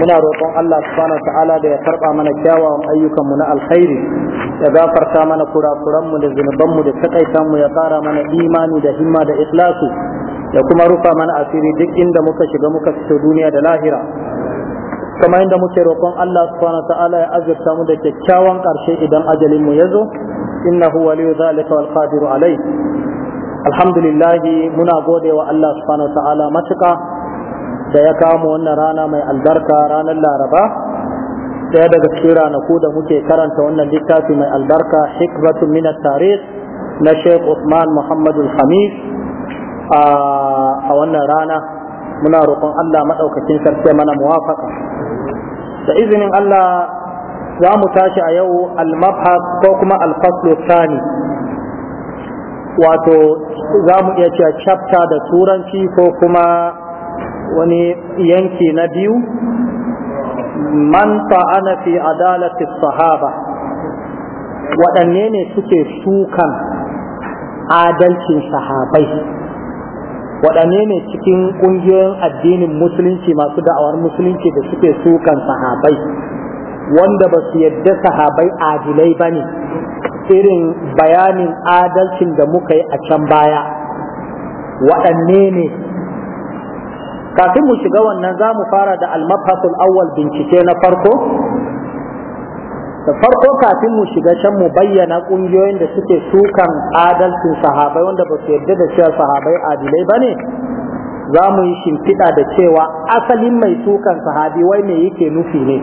muna roƙon Allah subhanahu ta'ala da ya karɓa mana kyawawan ayyukan mu na alkhairi ya gafarta mana kurakuran mu da zunuban mu da takaitan mu ya ƙara mana imani da himma da ikhlasi ya kuma rufa mana asiri duk inda muka shiga muka fito duniya da lahira kamar inda muke roƙon Allah subhanahu ta'ala ya azurta mu da kyakkyawan ƙarshe idan ajalin mu ya zo innahu waliyu zalika wal qadiru alai alhamdulillah muna gode wa Allah subhanahu ta'ala matuƙa da ya kama wannan rana mai albarka ranar laraba ɗaya daga cikin ranaku da muke karanta wannan littafi mai albarka hikmatu min tarikh na Sheikh Usman Muhammad Hamid a wannan rana muna roƙon Allah maɗaukacin sarki mana muwafaka da izinin Allah za mu tashi a yau al-mabhas ko kuma al fasl thani wato za mu iya cewa chapter da turanci ko kuma wani yanki na biyu Manta ana fi adalati sahaba waɗanne ne suke sukan adalcin sahabai waɗanne ne cikin ƙungiyoyin addinin musulunci masu da'awar musulunci da suke sukan sahabai wanda ba su yadda sahabai adilai ba ne irin bayanin adalcin da muka yi a can baya waɗanne ne kafin mu shiga wannan za mu fara da almabhasul awwal bincike na farko da farko kafin mu shiga can mu bayyana ƙungiyoyin da suke sukan adalcin sahabai wanda ba su yarda da cewa sahabai adilai ba ne za mu yi shimfiɗa da cewa asalin mai sukan sahabi wai me yake nufi ne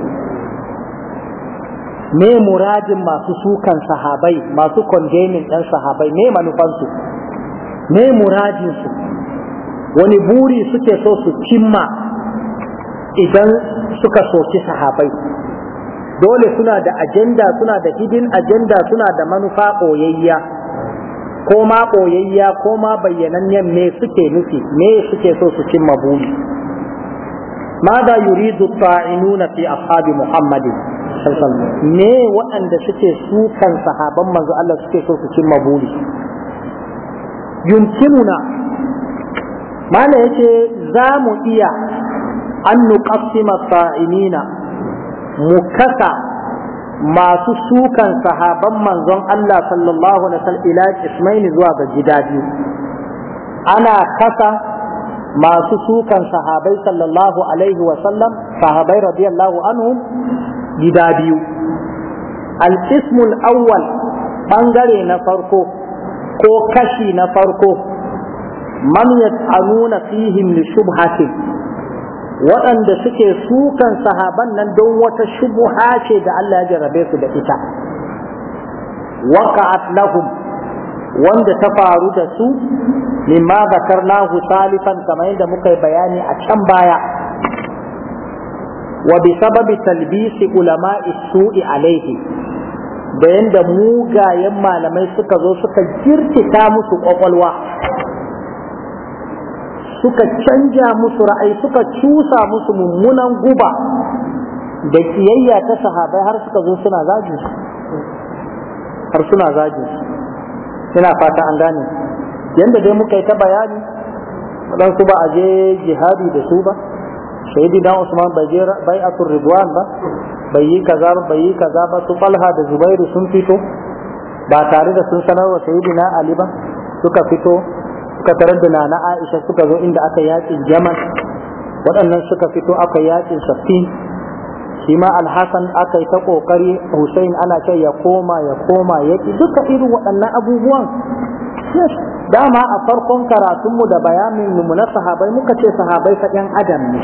me muradin masu sukan sahabai masu condemning ɗan sahabai me manufansu me muradinsu wani buri suke so su cimma idan suka soki sahabai dole suna da ajenda suna da hidin ajenda suna da manufa ɓoyayya ko ma ɓoyayya ko ma bayyananyen me suke nufi me suke so su cimma buri ماذا يريد الطاعنون في أصحاب محمد me waɗanda suke sukan sahaban manzo Allah suke so su cimma buri yumkinuna mala yace za mu iya an nuqassima sa'imina mu kasa masu sukan sahaban manzon Allah sallallahu alaihi wasallam ila ismaini zuwa ga gida biyu ana kasa masu sukan sahabai sallallahu alaihi wasallam sahabai radiyallahu anhum gida biyu al-ismul awwal bangare na farko ko kashi na farko man yat'anuna fihim li shubhatin waɗanda suke sukan sahaban nan don wata shubuha ce da Allah ya jarabe su da ita waqa'at lahum wanda ta faru da su mimma zakarnahu salifan kamar yadda muka yi bayani a can baya wa bi sababi talbisi ulama'i su'i alaihi da yadda mugayen malamai suka zo suka jirkita musu kwakwalwa suka canja musu ra'ayi suka cusa musu mummunan guba da kiyayya ta sahabai har suka zo suna zagin su har suna zagin su ina fata an gane yanda dai muka yi ta bayani Ɗansu ba a je jihadi da su ba shahidi dan usman bai je bai'atul ridwan ba bai yi kaza ba bai yi kaza ba su falha da zubairu sun fito ba tare da sun sanarwa shahidi na ali ba suka fito suka tarar da na Aisha suka zo inda aka yaƙin Jamal waɗannan suka fito aka yaƙin Safin shi ma Alhassan aka yi ta ƙoƙari Hussein ana ce ya koma ya koma ya ki duka irin waɗannan abubuwan dama a farkon karatunmu da bayanin mu na sahabai muka ce sahabai fa ɗan adam ne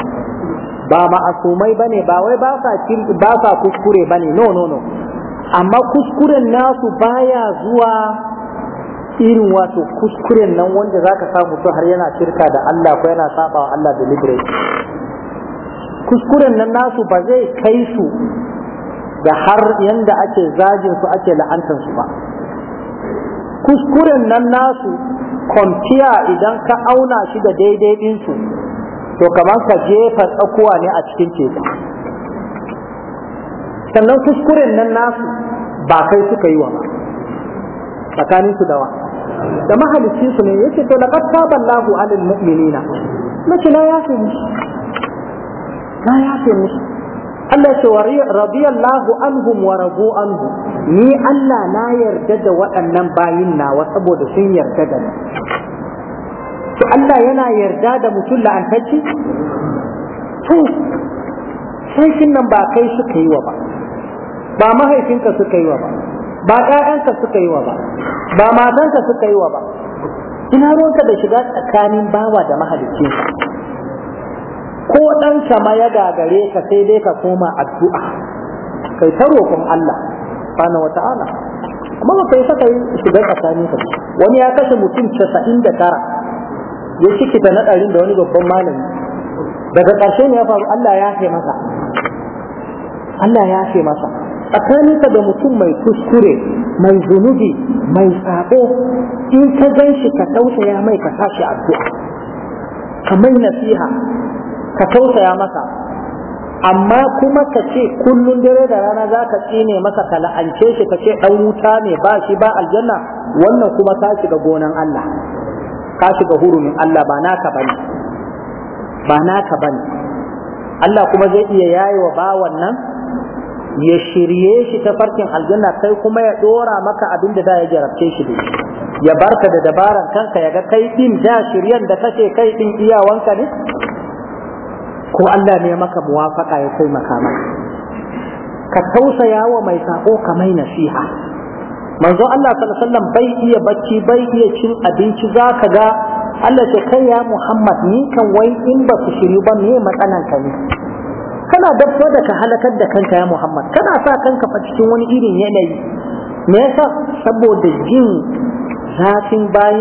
ba ma'asumai bane ba wai ba sa ba sa kuskure bane no no no amma kuskuren nasu baya zuwa irin wato kuskuren nan wanda zaka samu to har yana shirka da Allah ko yana saba wa Allah deliberate kuskuren nan nasu ba zai kai su da har yanda ake zagin su ake la'antar su ba kuskuren nan nasu kwamfiya idan ka auna shi da daidai ɗinsu to kamar ka jefa tsakuwa ne a cikin teku sannan kuskuren nan nasu ba kai suka yi wa ba tsakanin su dawa da mahalicci su ne yace to laqad taballahu alal mu'minina mace na yafe mishi na yafe mishi Allah ce wa radiyallahu anhum wa radu anhu ni Allah na yarda da waɗannan bayin nawa saboda sun yarda da ni to Allah yana yarda da mutum la'antacci to sai nan ba kai suka yi wa ba ba mahaifinka suka yi wa ba ba ƴaƴanka suka yi wa ba ba matanka suka yi wa ba ina ruwanka da shiga tsakanin bawa da mahalicci ko ɗansa ma ya gagare ka sai dai ka koma addu'a kai ta roƙon Allah subhanahu wa ta'ala amma ba kai saka shiga tsakanin ka wani ya kashe mutum 99 ya ciki ta naɗarin da wani babban malami daga ƙarshe ne ya faru Allah ya ce masa Allah ya ce masa tsakaninka da mutum mai kuskure mai zunubi mai sabo in ka gan shi ka tausaya mai ka tashi addu'a ka mai nasiha ka tausaya masa amma kuma ka ce kullum dare da rana za ka tsine masa ka la'ance shi ka ce ɗan wuta ne ba shi ba aljanna wannan kuma ka shiga gonan Allah ka shiga hurumin Allah ba naka bane ba naka bane Allah kuma zai iya wa bawan nan ya shirye shi ta farkin aljanna kai kuma ya dora maka abin da ya jarabce shi ya barka da dabaran kanka ya ga kai din da shiryen da kake kai din iyawanka ne ko Allah ne maka muwafaka ya kai maka ka tausaya wa mai sako ka nasiha manzo Allah sallallahu alaihi wasallam bai iya bacci bai iya cin abinci zaka ga Allah ce kai ya Muhammad ni kan wai in ba ku shiri ba me matsalan ka ne kana dabba da ka halakar da kanka ya Muhammad kana sa kanka fa cikin wani irin yanayi me yasa saboda jin zafin bayan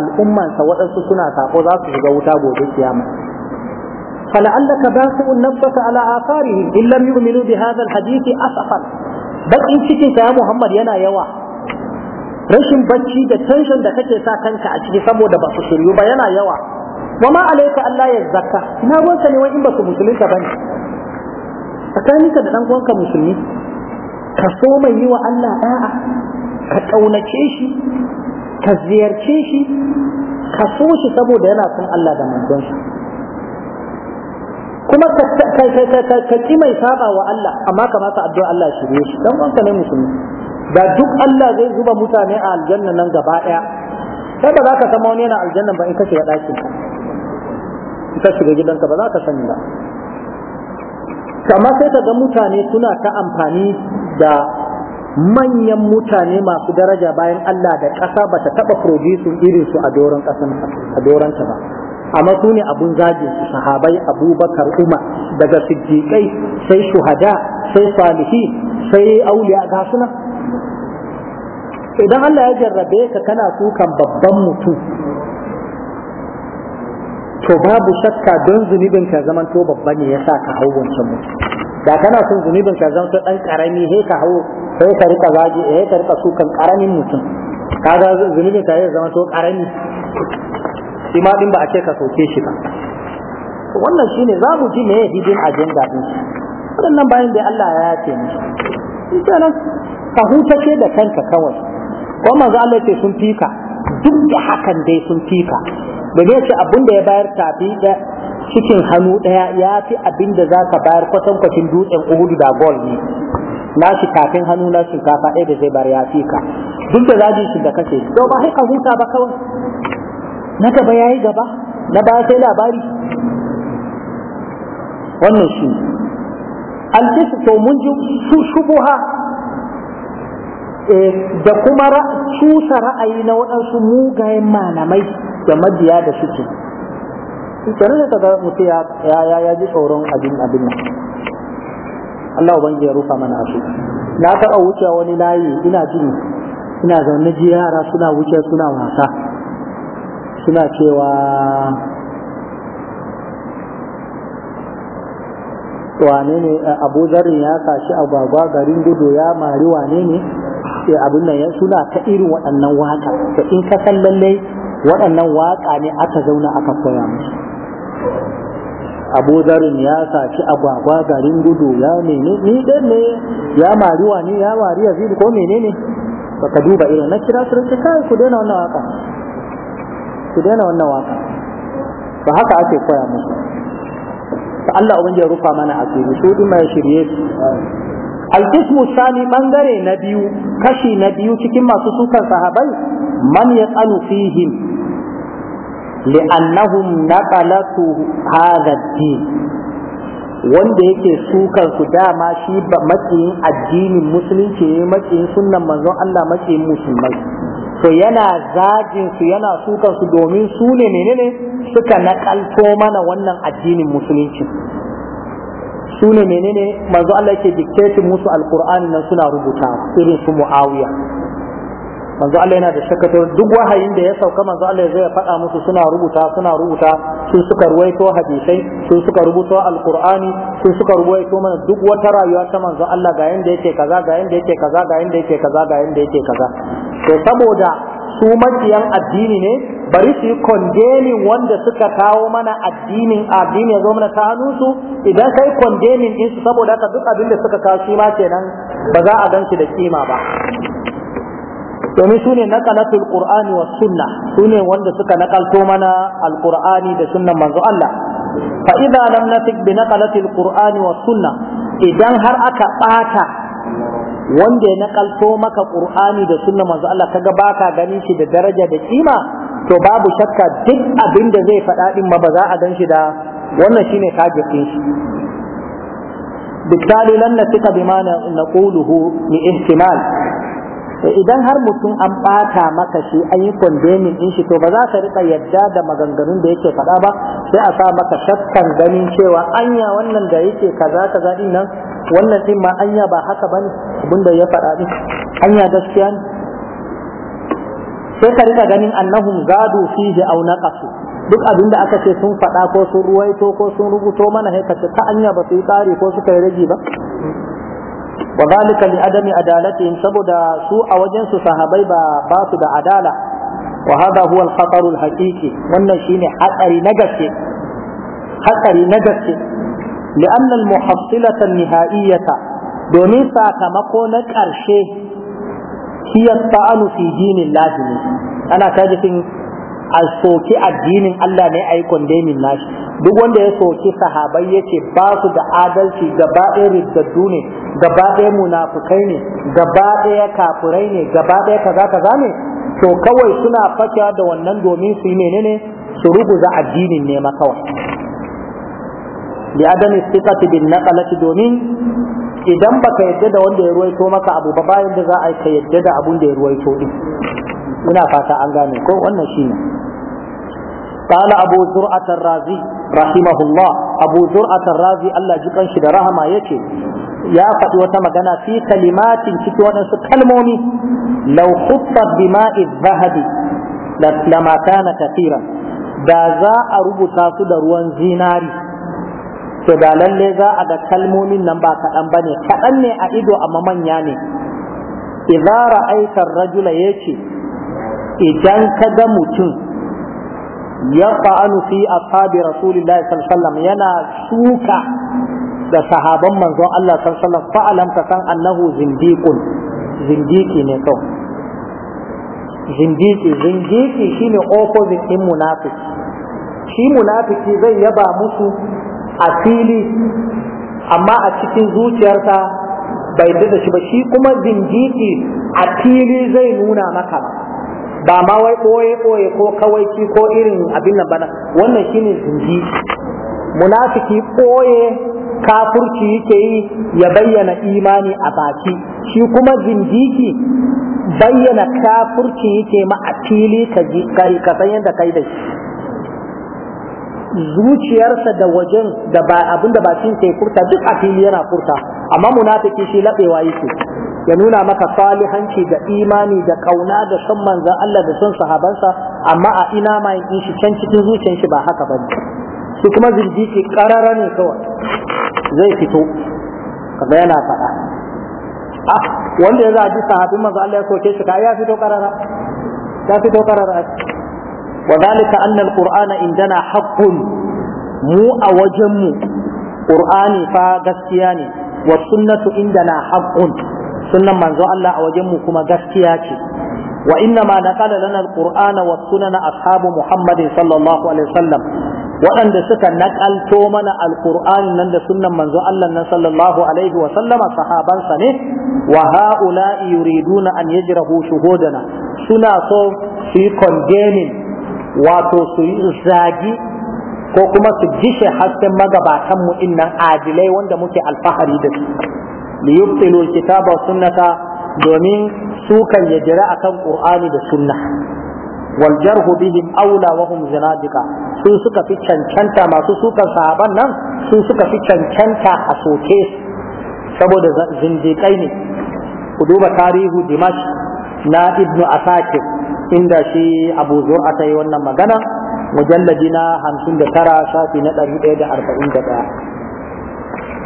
al'ummansa waɗansu suna sako za su shiga wuta gobe kiyama فلعلك باخع نفسك على آثارهم إن لم يؤمنوا بهذا الحديث أسفا بل إن شكيك يا Muhammad yana yawa. rashin bacci da tension da kake sa kanka a ciki saboda ba su shiryu ba yana yawa wa ma alaika Allah ya zakka ina ruwanka ne wai in ba su musulunta bane tsakanin ka da dan uwanka musulmi ka so mai yi wa Allah da'a ka kaunace shi ka ziyarce shi ka so shi saboda yana son Allah da manzon shi kuma ka ki mai saba wa Allah amma ka masa addu'a Allah shirye shi dan uwanka ne musulmi da duk Allah zai zuba mutane a aljanna nan gaba ɗaya, sai ba za ka san wani yana aljanna ba in kace ya dakin ka shiga gidanka ba za ka sani ba kamar sai ka ga mutane suna ta amfani da manyan mutane masu daraja bayan Allah da ƙasa ba ta taɓa produce irin su a doron a doron ta ba amma su ne abun zagin su sahabai abubakar umar daga siddiƙai sai shuhada sai salihi sai auliya ga suna idan Allah ya jarrabe ka kana kukan babban mutum to babu shakka don zunubin ka zaman to babba ne yasa ka hau wancan mutum da kana son zunubin ka zama to dan karami sai ka hau sai ka rika zagi eh ka rika sukan karamin mutum kaga zunubin ka zai zama to karami shi ma din ba a ce ka soke shi ba wannan shine za mu ji me hidin ajenda din shi wannan bayan da Allah ya yace ni shi ka hutace da kanka kawai kuma manzo Allah ce sun fika duk da hakan dai sun fika domin shi abin da ya bayar tafi da cikin hannu daya ya fi abin da za ka bayar kwatankwacin dutsen uhudu da gol ne na shi kafin hannu na shinkafa ɗaya da zai bar ya fi ka duk da zagin shi da kake to ba haika huta ba kawai na gaba ya yi gaba na baya sai labari wannan shi alkisu to mun ji shubuha Eh, da kuma cusa ra'ayi na waɗansu mugayen malamai da majiya da suke kenan da kaga mutum ya ya ji tsoron abin abin nan Allah ubangi ya rufa mana asu na taɓa wucewa wani layi ina jin ina zaune ji yara suna wuce suna wasa suna cewa wane ne eh, abu zarin ya kashi agwagwa garin gudu ya mari wane ne abin nan suna ta irin waɗannan waka to in ka san lalle waɗannan waka ne aka zauna aka koya musu abuzarin ya saci agwagwa garin gudu ya nene ni dan ne ya mariwa ne ya wari ya zidi ko menene baka duba irin na kira sun ce kai ku daina wannan waka ku daina wannan waka ba haka ake koya musu Allah ubangiji ya rufa mana asiri su din mai shirye al sani bangare na biyu kashi na biyu cikin masu sukan sahabai man yasalu fihim li'annahum naqalatu hadha ad wanda yake sukan su dama shi ba matsayin addinin musulunci ne matsayin sunnan manzon Allah matsayin musulmai to yana zagin su yana sukan su domin su ne menene suka nakalto mana wannan addinin musulunci su ne menene manzo Allah yake dictating musu alqur'ani nan suna rubuta irin su muawiya manzo Allah yana da shakkatar duk wahayin da ya sauka manzo Allah zai faɗa musu suna rubuta suna rubuta sun suka ruwaito hadisai sun suka rubuto alqur'ani sun suka ruwaito mana duk wata rayuwa ta manzo Allah ga yanda yake kaza ga yanda yake kaza ga yanda yake kaza ga yanda yake kaza to saboda su makiyan addini ne bari su yi wanda suka kawo mana addinin addini ya zo mana ta hannunsu idan kai kondemin din su saboda haka duk abin da suka kawo shi ma kenan ba za a ganshi da kima ba domin su ne naqalatul qur'ani was sunna su wanda suka nakalto mana alqur'ani da sunnan manzo Allah fa idan lam natik bi naqalatil qur'ani was sunna idan har aka bata wanda ya nakalto maka qur'ani da sunna manzo Allah kaga baka ganin shi da daraja da kima to babu shakka duk abin da zai faɗa din ma ba za a ganshi da wannan shine kajikin shi بالتالي لن na بما ni لاحتمال eh, idan har mutum an ɓata maka shi an yi kondemin din shi to ba za ka riƙa yadda da maganganun da yake faɗa ba sai a sa maka shakkan ganin cewa anya wannan da yake kaza kaza din nan wannan din ma anya ba haka bane abinda ya faɗa din anya gaskiya ne sai ka rika ganin annahum zadu fihi aw naqasu duk abinda aka ce sun faɗa ko sun ruwaito ko sun rubuto mana sai ce ta anya ba su yi tsari ko suka yi rage ba wa zalika li adami adalatihim saboda su a wajen su sahabai ba ba su da adala wa hada huwa al-khatar al-haqiqi wannan shine hatsari na gaske hatsari na gaske لأن المحصلة النهائية domin sakamako na ƙarshe hiya ta'anu fi dinin lazimi ana ta jifin a soki addinin Allah ne a yi kondemin nashi duk wanda ya soki sahabai yake ba su da adalci gaba ɗaya riddaddu ne gaba ɗaya munafukai ne gaba ɗaya kafurai ne gaba ɗaya kaza kaza ne to kawai suna fakewa da wannan domin su yi menene su ruguza addinin ne ma bi adami thiqati bin naqalati domin idan baka yadda da wanda ya ruwaito maka abu ba bayan da za a ka yadda da abun da ya ruwaito din ina fata an gane ko wannan shine قال أبو زرعة الرازي رحمه الله أبو زرعة الرازي الله جكن شد رحمه يكي يا فتوى تمغنا في كلمات تكون كلمومي لو خطت بماء الذهب لما كان كثيرا da za a rubuta su da ruwan zinari to da lalle za a ga kalmomin nan ba kaɗan ba ne kaɗan ne a ido amma manya ne idza ra'aita rajula ya ce. idan ka ga mutum ya fa'anu fi ashabi rasulillahi sallallahu alaihi wasallam yana suka da sahaban manzon Allah sallallahu alaihi wasallam fa'alam ka san annahu zindiqun zindiki ne kawai zindiki zindiki shine opposite din munafiki shi munafiki zai yaba musu a fili amma a cikin zuciyarsa bai yarda shi ba shi kuma zindiki a fili zai nuna maka ba ma wai ɓoye ɓoye ko kawaici ko irin abin nan ba wannan shine zindiki munafiki ɓoye kafurci yake yi ya bayyana imani a baki shi kuma zindiki bayyana kafurci yake ma a fili ka san yadda kai da shi zuciyarsa da wajen da ba abin da bakin sai furta duk a fili yana furta amma munafiki shi labewa yake ya nuna maka salihanci da imani da kauna da son manzon Allah da son sahabansa amma a ina mai in shi can cikin zuciyar shi ba haka bane shi kuma zindiki karara ne kawai zai fito kaga yana faɗa ah wanda ya zaji sahabin manzon Allah ya soke shi ka ya fito karara ya fito karara Wazalika zalika anna alqur'ana indana haqqun mu a wajen qur'ani fa gaskiya ne wa sunnatu indana haqqun sunnan manzo Allah a wajen kuma gaskiya ce wa inna ma naqala lana alqur'ana wa sunana ashabu muhammadin sallallahu alaihi suka naƙalto mana alƙur'ani nan da sunnan manzo Allah nan sallallahu alaihi sahabansa ne wa ha'ula'i an suna so su yi wato su zagi ko kuma su hasken magabatan mu innan adilai wanda muke alfahari da su li yubtilu sunnata domin su kan yajira akan qur'ani da sunna wal jarhu bihim aula wa hum zanadiqa su suka fi cancanta masu sukan sahaban nan su suka fi cancanta a soke saboda zindiƙai ne ku duba tarihu dimash na ibnu asakir inda shi abu zur'a ta yi wannan magana mujallaji na hamsin da tara shafi na ɗari ɗaya da arba'in da ɗaya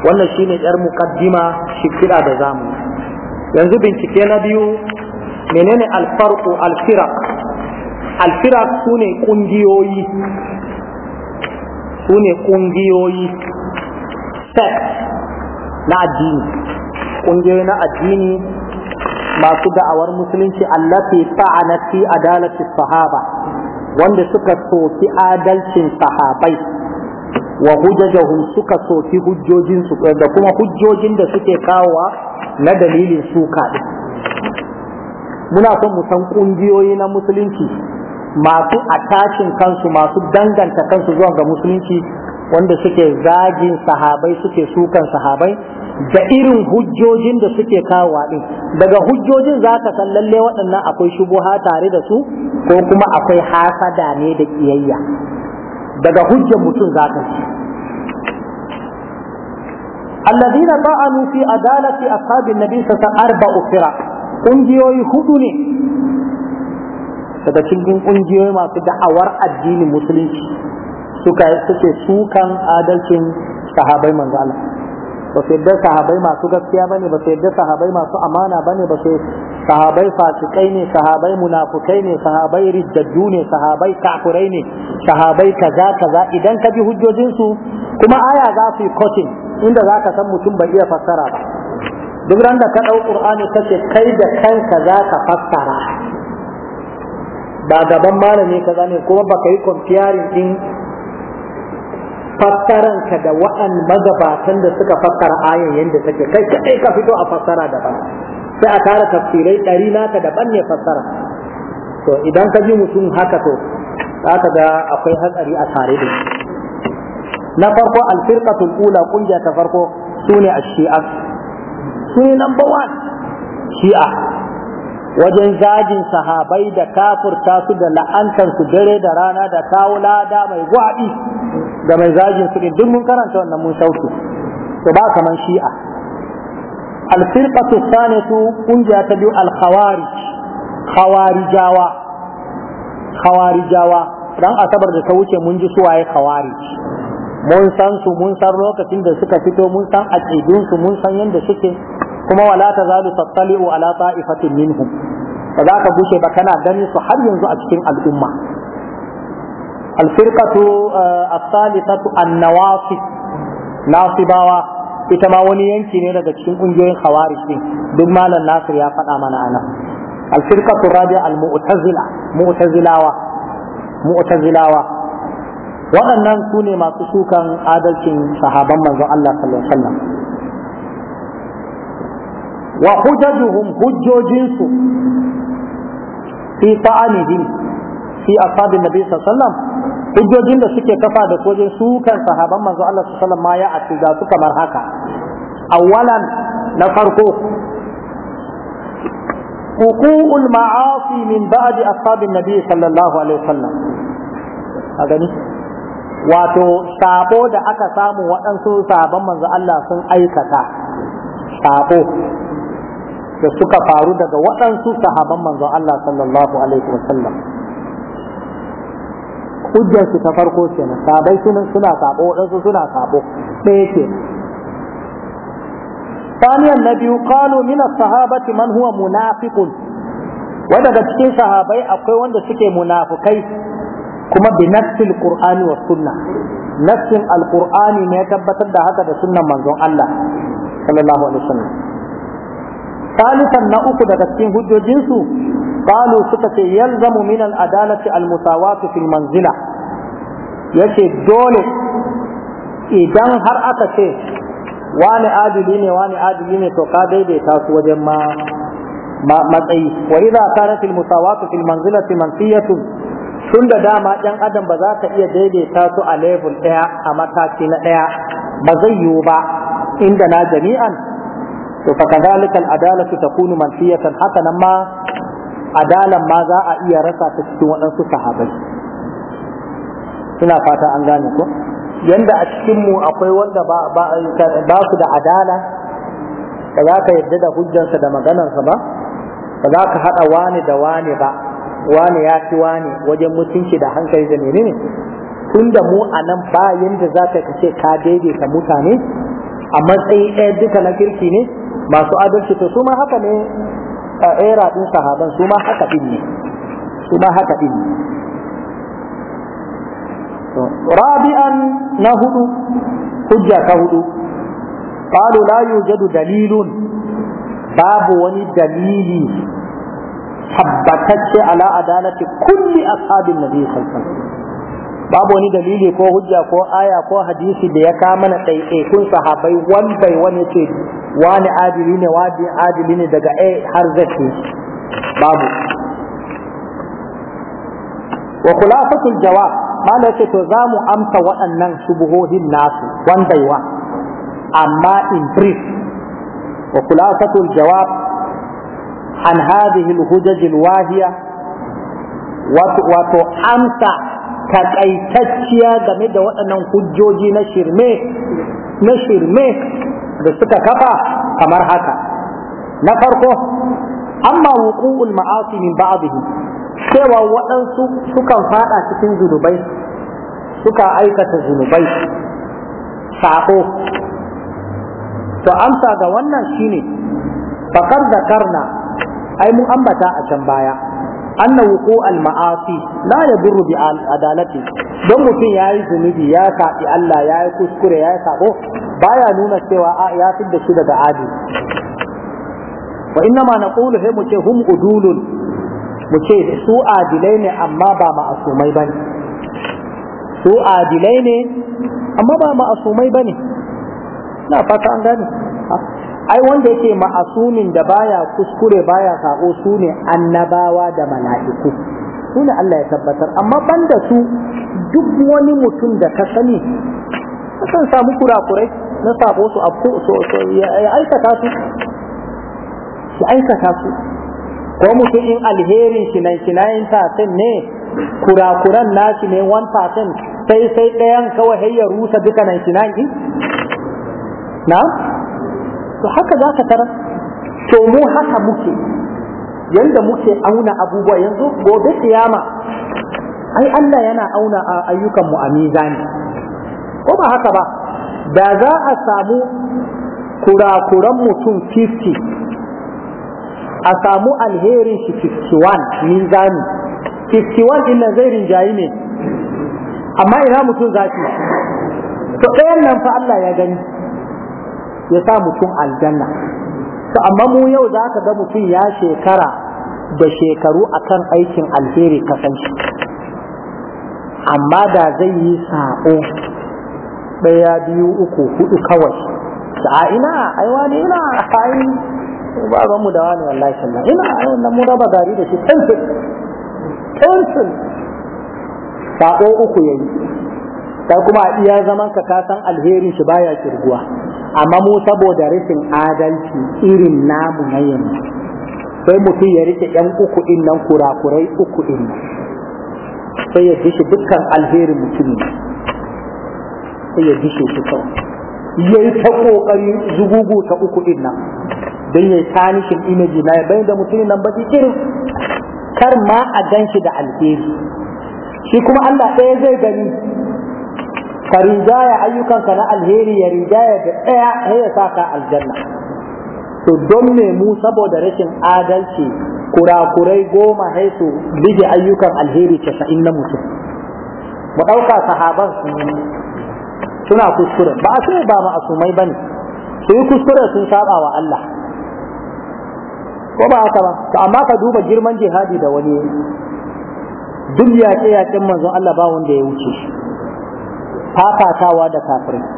wannan shi ne ƴar shi shikira da zamu yanzu bincike na biyu menene alfarku alfira? Alfira su ne ƙungiyoyi su ne ƙungiyoyi set na addini ƙungiyoyi na addini masu da'awar musulunci fi ta'anat fi adalati sahaba wanda suka soki adalcin sahabai wa hujjajahum suka soki hujjojin su da kuma hujjojin da suke kawowa na dalilin suka din muna son mu san kungiyoyi na musulunci masu attacin kansu masu danganta kansu zuwa ga musulunci wanda suke zagin sahabai suke sukan sahabai da irin hujjojin da suke kawo din daga hujjojin za ka san lalle waɗannan akwai shubuha tare da su ko kuma akwai hasada ne da kiyayya daga hujjar mutum za ka ci alladina ta'anu fi adalati ashabin nabi صلى arba عليه kungiyoyi hudu ne daga cikin ƙungiyoyi masu da'awar addinin musulunci suka suke sukan adalcin sahabai manzo Allah ba su yadda sahabai masu gaskiya bane ba su yadda sahabai masu amana bane ba su sahabai fasikai ne sahabai munafukai ne sahabai riddaddu ne sahabai kafurai ne sahabai kaza kaza idan ka bi hujjojinsu kuma aya za su yi kotin inda za ka san mutum bai iya fassara ba duk ran da ka ɗau ƙur'ani ka ce kai da kanka za ka fassara ba gaban malami ka zane kuma baka yi kwamfiyarin din ka da wa'an magabatan da suka fassara ayan yadda take kai kai ka fito a fassara daban sai a tara tafsirai ɗari naka daban ne fassara to idan ka ji mutum haka to ka ga akwai hatsari a tare da na farko alfirqatul ula kungiya ta farko sune a shia sune number 1 shi'a wajen zagin sahabai da kafurta su da la'antarsu dare da rana da kawo lada mai gwaɗi da mai zagin su duk mun karanta wannan mun sauki to ba kaman shi'a alfirqatu sanatu kungiya ta biyu alkhawarij khawarijawa don dan asabar da ta wuce mun ji waye khawari mun san su mun san lokacin da suka fito mun san aqidun su mun san yanda suke kuma wala tazalu tattali'u ala ta'ifatin minhum ba za ka bushe ba kana ganin su har yanzu a cikin al'umma alfirqatu eh, as-salisatu an-nawasi nasibawa ita ma wani yanki ne daga cikin kungiyoyin khawarij din duk malam nasir ya faɗa mana ana alfirqatu rabi'a al-mu'tazila mu'tazilawa mu'tazilawa waɗannan su ne masu sukan adalcin sahaban manzon Allah sallallahu alaihi wasallam wa hujjajuhum hujjojinsu fi ta'anihim fi ashabin nabi sallallahu hujjojin da suke kafa da kojin sukan sahaban manzo Allah sallallahu ma ya atu su kamar haka awwalan na farko وقوع المعاصي من بعد أصحاب النبي صلى الله عليه a gani wato sabo da aka samu waɗansu sabon manzo Allah sun aikata sabo da suka faru daga waɗansu sahaban manzo Allah sallallahu alaihi wasallam hujjar su ta farko ce na, sabai suna sabo waɗansu suna sabo ɗaya ke ثانيا النبي قالوا من الصحابة من هو منافق daga cikin sahabai akwai wanda suke munafukai kuma bi nassil qur'ani wa sunna nassin alqur'ani ne ya tabbatar da haka da sunnan manzon Allah sallallahu alaihi wasallam ثالثا hujjojinsu. تسكين هجو ce, قالوا سكة يلزم من العدالة المساواة في المنزلة yace dole idan har aka ce wani adili ne wani adili ne to ka daidaita su wajen ma matsayi wa idza kanat al musawatu fil manzilati manfiyatu tun da dama ɗan adam ba za ka iya daidaita su a level ɗaya a mataki na ɗaya ba zai yiwu ba inda na jami'an to fa kadhalika al-adalatu takunu manfiyatan haka nan ma adalan ma za a iya rasa ta cikin waɗansu sahabai ina fata an gane ko yanda a cikin mu akwai wanda ba su da adala ba za ka yarda da hujjansa da maganarsa ba ba za ka haɗa wani da wani ba wani ya ci wani wajen mutunci da hankali da menene tun da mu a nan ba yanda za ka ce ka daidaita mutane a matsayin ɗaya duka na kirki ne masu adalci to su ma haka ne a era din sahaban su ma haka din ne su ma haka din ne rabi'an na hudu hujja ta hudu qalu la yujadu dalilun babu wani dalili tabbatacce ala adalati kulli ashabin nabi sallallahu alaihi wasallam babu wani dalili ko hujja ko aya ko hadisi da ya kama na ɗaiɗaikun sahabai wani bai wani ce wani adili ne wani adili ne daga a har zafi babu wa khulafatul jawab mana ce to za mu amsa waɗannan shubuhohin nasu one bai wa amma in brief wa khulafatul jawab an hadhihi al-hujaj al-wahiya wato amsa takaitacciya game da waɗannan hujjoji na shirme da suka kafa kamar haka na farko amma wuqu'ul ma'asi min ba'dihi cewa waɗansu sukan fada cikin zunubai suka aikata zunubai sako to amsa ga wannan shine fakar da karna ai mun ambata a can baya anna wuqu'al ma'asi la yadurru bi adalati don mutum yayi zunubi ya kafi Allah ya yi kuskure yayi sabo baya nuna cewa a ya fidda shi daga adi wa inna ma naqulu he mu ce hum udulun mu ce su adilai ne amma ba ma'asumai bane su adilai ne amma ba ma'asumai bane na fata an gane ai wanda yake ma'asumin da baya kuskure baya sako su ne annabawa da mala'iku su ne Allah ya tabbatar amma banda su duk wani mutum da ka sani kan samu kurakurai na sabo su so ya aikata su ya aikata su ko mutum in alherin shi nan shi nayin tasin ne kurakuran nashi ne 1% sai sai ɗayan kawai ya rusa duka nan shi nan eh? na to haka za ka tara to mu haka muke yanda muke auna abubuwa yanzu gobe kiyama ai Allah yana auna ayyukan mu a mizani ko ba haka ba da za a samu kurakuran mutum 50 a samu alherin shi 51 mizani 51 din nan zai rinjayi ne amma ina mutum zafi to ɗayan nan fa Allah ya gani ya sa mutum aljanna to amma mu yau za ka ga mutum ya shekara da shekaru akan aikin alheri kasan shi amma da zai yi sa'o ɗaya biyu uku hudu kawai a ina aiwa ne ina ai ba ga mu da wani wallahi sallah ina ai wannan mu raba gari da shi kansul kansul Sa'o uku yayi sai kuma a iya zaman ka ka san alherin shi baya kirguwa amma mu saboda rashin adalci irin namu na yanzu sai mutum ya rike yan uku in nan kurakurai uku in nan sai ya dishe dukkan alherin mutumin sai ya dishe su kawai yi ta kokari zugugu ta uku in nan don ya yi tanishin imeji na bayan da mutumin nan ba irin kar ma a ganshi da alheri shi kuma Allah ɗaya zai gani ka ayyukan ayyukanka na alheri ya rijaya da ɗaya sai ya sa ka aljanna to don me mu saboda rashin adalci kurakurai goma sai su ayyukan alheri casa'in na mutum mu ɗauka sahaban suna kuskure ba a ba ma'asumai ba ne su yi kuskure sun saba wa Allah ko ba haka ba to amma ka duba girman jihadi da wani duk yaƙe-yaƙen manzon Allah ba wanda ya wuce shi fafatawa da kafirai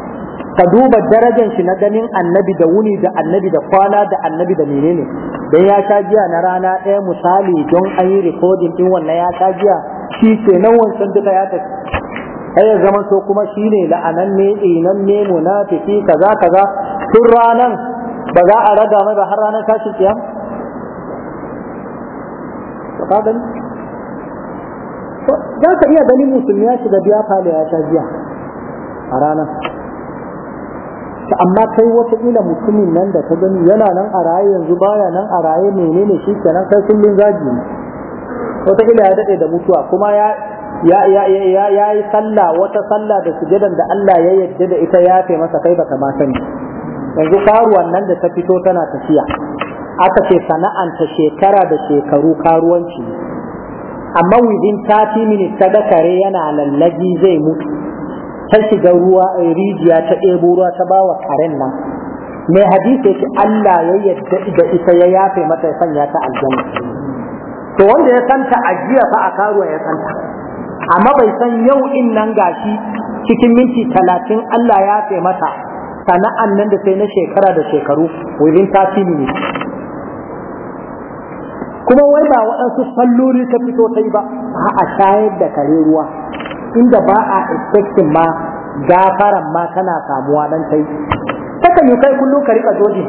ka duba darajar shi na ganin annabi da wuni da annabi da kwana da annabi da menene dan ya sha jiya na rana ɗaya misali don an yi rikodin din wannan ya sha jiya? shi ke nan wancan duka ya tafi ai zaman to kuma shine anan ne inan ne munafiki kaza kaza tun ranan ba za a raga mai ba har ranar tashin kiyam ka gani za ka iya ganin musulmi ya shiga biya fali ya sha jiya a ranar ta amma kai wata ila mutumin nan da ta gani yana nan a raye yanzu baya nan a raye menene shi kenan kai kullum zagi ne ila ya daɗe da mutuwa kuma ya yi sallah wata sallah da sujadan da Allah ya yarda da ita ya fe masa kai baka ma sani yanzu karuwan nan da ta fito tana tafiya aka ce sana'anta shekara da shekaru karuwanci amma within 30 minutes sadakare yana lallaji zai mutu ta shiga ruwa eh, rijiya ta ɗebo ruwa ta bawa karen nan mai hadisi yake Allah ya yadda da isa ya yafe mata ya sanya ta aljanna to wanda ya santa ajiya fa a karuwa ya santa amma bai san yau in nan gashi cikin minti talatin Allah ya yafe mata sana'an nan da sai na shekara da shekaru wurin tasiri ne kuma wai ba waɗansu falloli ta fito ta yi ba a shayar da kare ruwa inda ba a expecting ma gafaran ma kana samuwa nan kai takan yi kai kullum ka rika joji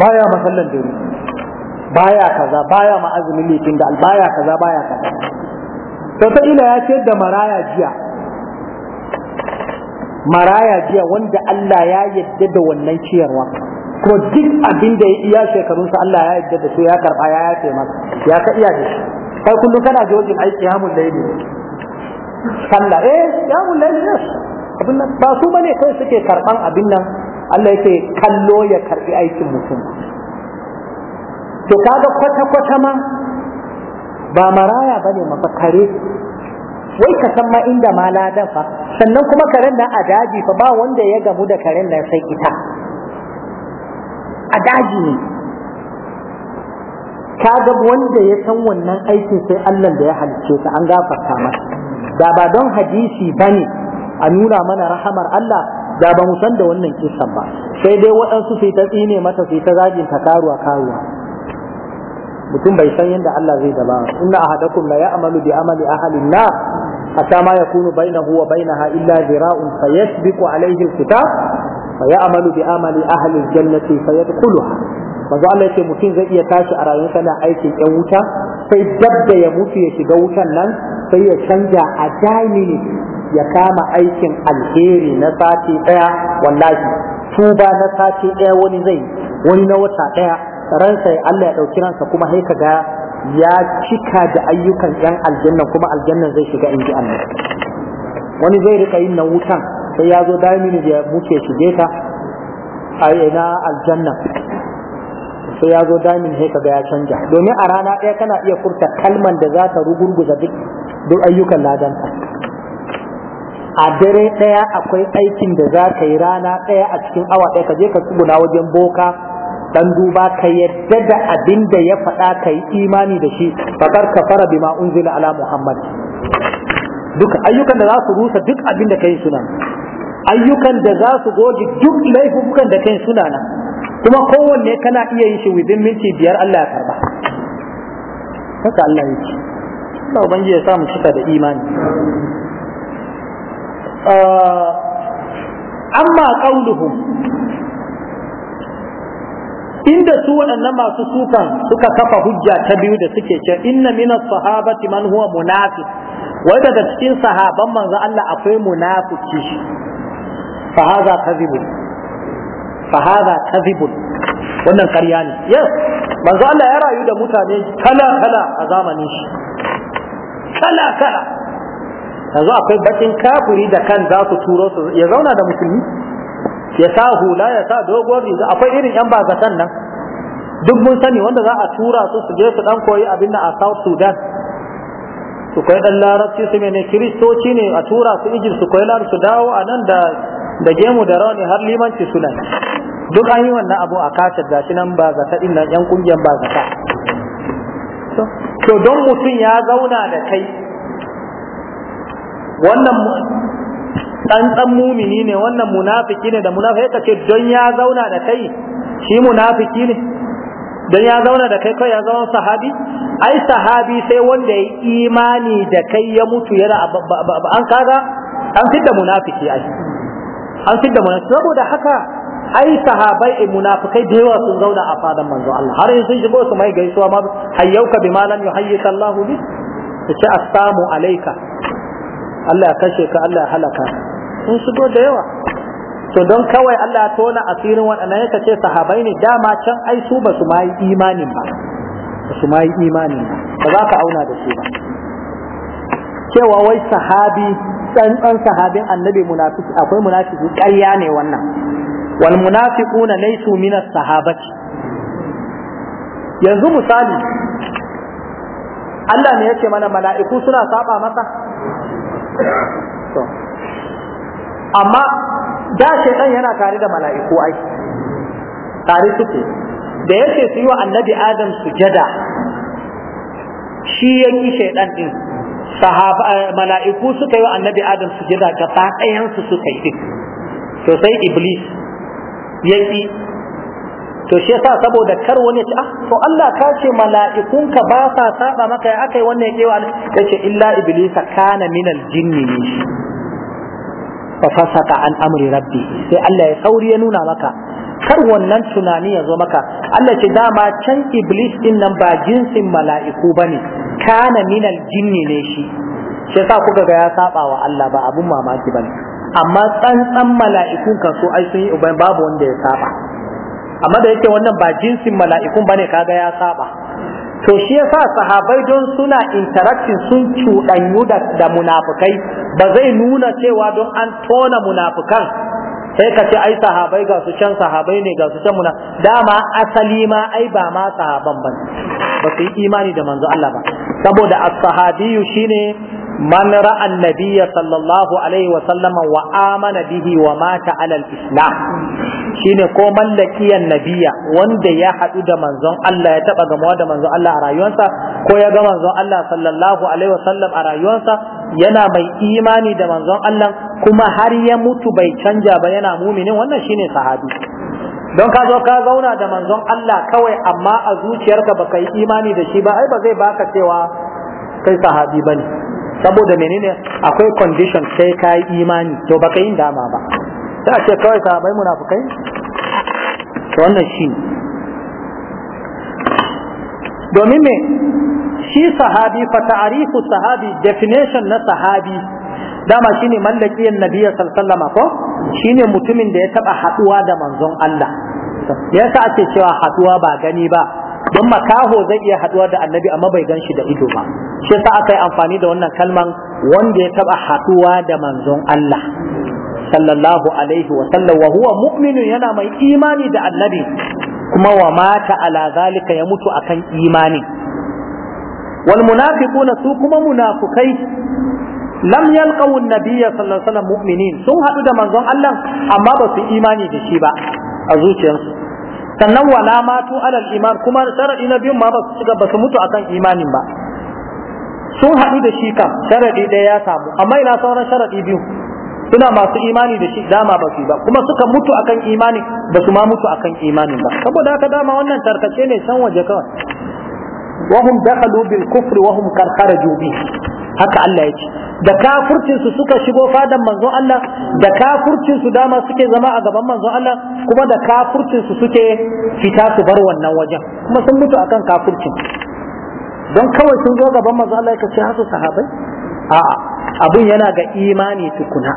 baya masallan dare baya kaza baya ma azumin litin da baya kaza baya kaza to sai ila ya ce da maraya jiya maraya jiya wanda Allah ya yadda da wannan ciyarwa kuma duk abin da ya iya shekarunsa Allah ya yadda da su ya karba ya yace masa ya ka iya shi kai kullum kana jojin aiki hamun da ne. sallah eh ya mulai yes abin nan ba su bane kai suke karban abin nan Allah yake kallo ya karbi aikin mutum to kaga kwata kwata ma ba maraya bane maka kare wai ka san ma inda ma ladan fa sannan kuma karen nan a daji fa ba wanda ya gamu da karen nan sai ita a daji ne kaga wanda ya san wannan aikin sai Allah da ya halicce ta an gafarta masa da ba don hadisi ba ne a nuna mana rahamar Allah da ba mu san da wannan kisan ba sai dai waɗansu sai ta tsine mata sai ta zagin ta karuwa karuwa mutum bai san yadda Allah zai da ba inna ahadakum la ya'malu bi amali ahli an-nar hatta ma yakunu bainahu wa bainaha illa zira'un fayasbiqu alayhi al-kitab فيعمل amali أهل الجنة فيدخلها manzo Allah yace mutum zai iya tashi a rayuwarsa na aikin yan wuta sai dabba ya mutu ya shiga wutan nan sai ya canja a jamini ya kama aikin alheri na sati daya wallahi tuba na sati daya wani zai wani na wata daya ransa Allah ya dauki ransa kuma sai ka ya cika da ayyukan yan aljanna kuma aljanna zai shiga inji Allah wani zai rika yin na wutan sai ya zo damini da ya muke shige ta a aljanna to ya zo damin sai kaga ya canja domin a rana ɗaya kana iya furta kalman da za ta rugurguza duk duk ayyukan ladanta a dare ɗaya akwai aikin da za ka yi rana ɗaya a cikin awa ɗaya ka je ka tsuguna wajen boka dan duba ka yadda da abin da ya faɗa ka yi imani da shi fakar ka fara bima unzila ala muhammad duk ayyukan da za su rusa duk abin da ka yi suna ayyukan da za su goge duk laifukan da ka yi suna nan kuma kowanne kana iya yin shi within minti biyar Allah ya karba haka Allah ya ce Allah ubangiji ya sa cika da imani ah, amma qauluhum inda su waɗannan masu sukan suka kafa hujja ta biyu da suke ce inna minas sahabati man huwa munafiq wai daga cikin sahaban manzo Allah akwai munafiki fa hadha kadhibun fa hadha wannan ƙarya ne ya manzo Allah ya rayu da mutane kala kala a zamanin shi kala kala yanzu akwai bakin kafiri da kan za su turo su ya zauna da musulmi ya sa hula ya sa dogon riga akwai irin yan bazatan nan duk mun sani wanda za a tura su su je su dan koyi abin nan a South Sudan su koyi dan larabci su mene kiristoci ne a tura su Egypt su koyi larabci su dawo a nan da da gemu da rauni har limanci suna duk an yi wannan abu a kasar gashi nan ba zata din nan yan kungiyar ba zata to don mutum ya zauna da kai wannan tsantsan mumini ne wannan munafiki ne da munafiki ka ce don ya zauna da kai shi munafiki ne don ya zauna da kai kai ya zama sahabi ai sahabi sai wanda ya imani da kai ya mutu yana an kaga an fitta munafiki ai an da mana saboda haka ai sahabai munafikai da yawa sun zauna a fadan manzo Allah har yanzu shigo su mai gaisuwa ma hayyuka bima lam yuhayyika Allah bi su ce assalamu alayka Allah ya kashe ka Allah ya halaka sun shigo da yawa to don kawai Allah ya tona asirin waɗannan ya ce sahabai ne dama can ai su ba su mai imanin ba ba su mai imanin ba ba za ka auna da shi ba cewa wai sahabi dan dan sahabin annabi munafiki akwai munafiki ƙarya ne wannan wal munafiquna laysu min as-sahabati yanzu misali Allah ne yake mana mala'iku suna saba masa amma da shaytan yana tare da mala'iku ai tare suke da yake su yi wa annabi adam sujada shi ya shaytan din ɗin Eh, mala'iku suka yi wa annabi adam su sujada gaba ɗayansu suka yi to sai iblis ya yi to shi yasa saboda kar wani ya ah to Allah ka ce mala'ikunka ba sa saba maka ya akai wannan ya kewa ya ce illa Iblis kana minal jinni ne fa fasaka an amri rabbi sai Allah ya sauri ya nuna maka kar wannan tunani ya zo maka Allah ce dama can iblis din nan ba jinsin mala'iku bane kana minal jinni ne shi shi yasa kuka ga ya saba wa Allah ba abun mamaki bane amma tsantsan mala'ikun ka so ai sun yi uban babu wanda ya saba amma da yake wannan ba jinsin mala'ikun bane kaga ya saba to shi yasa sahabai don suna interacting sun cuɗanyu da munafukai ba zai nuna cewa don an tona munafukan sai ka ce ai sahabai ga su can sahabai ne ga su can muna dama asali ma ai ba ma sahaban ba ba su yi imani da manzo Allah ba saboda as-sahabiyu shine man ra'a annabiyya sallallahu alaihi wa sallam wa amana bihi wa mata ala al-islam shine ko mallakiyan nabiya wanda ya hadu da manzon Allah ya taɓa gamuwa da manzon Allah a rayuwarsa ko ya ga manzon Allah sallallahu alaihi wa sallam a rayuwarsa yana mai imani da manzon Allah kuma har ya mutu bai canja ba yana muminin wannan shine sahabi don ka zo ka zauna da manzon Allah kawai amma a zuciyarka baka yi imani da shi ba ai ba zai baka cewa kai sahabi bane saboda menene akwai condition sai ka yi imani to baka yin dama ba sai a ce kawai sahabai munafukai to wannan shi domin me shi sahabi fa ta'rifu sahabi definition na sahabi dama shine mallakiyan nabiyyi sallallahu ko shine mutumin da ya taba haduwa da manzon Allah sa ake cewa haduwa ba gani ba don makaho zai iya haduwa da annabi amma bai gan shi da ido ba shi yasa aka yi amfani da wannan kalman wanda ya taba haduwa da manzon Allah sallallahu alaihi wa wa huwa mu'minun yana mai imani da annabi kuma wa mata ala ya mutu akan imani wal munafiquna su kuma munafukai lam yalqaw an-nabiyya sallallahu alaihi wasallam mu'minin sun hadu da manzon Allah amma ba su imani da shi ba a zuciyarsu sannan wala matu alal iman kuma sharadi na biyun ma ba su ba su mutu akan imanin ba sun hadu da shi kam sharadi ɗaya ya samu amma ina sauran sharadi biyu suna masu imani da shi dama ba su ba kuma suka mutu akan imani ba su ma mutu akan imanin ba saboda haka dama wannan tarkace ne san waje kawai wahum dakhalu bil kufri wahum qad kharaju bi haka Allah ya ce da kafurcin su suka shigo fadan manzo Allah da kafurcin su dama suke zama a gaban manzo Allah kuma da kafurcin su suke fita su bar wannan wajen kuma sun mutu akan kafurcin don kawai sun zo gaban manzo Allah ya ce haka sahabai a'a abun yana ga imani tukuna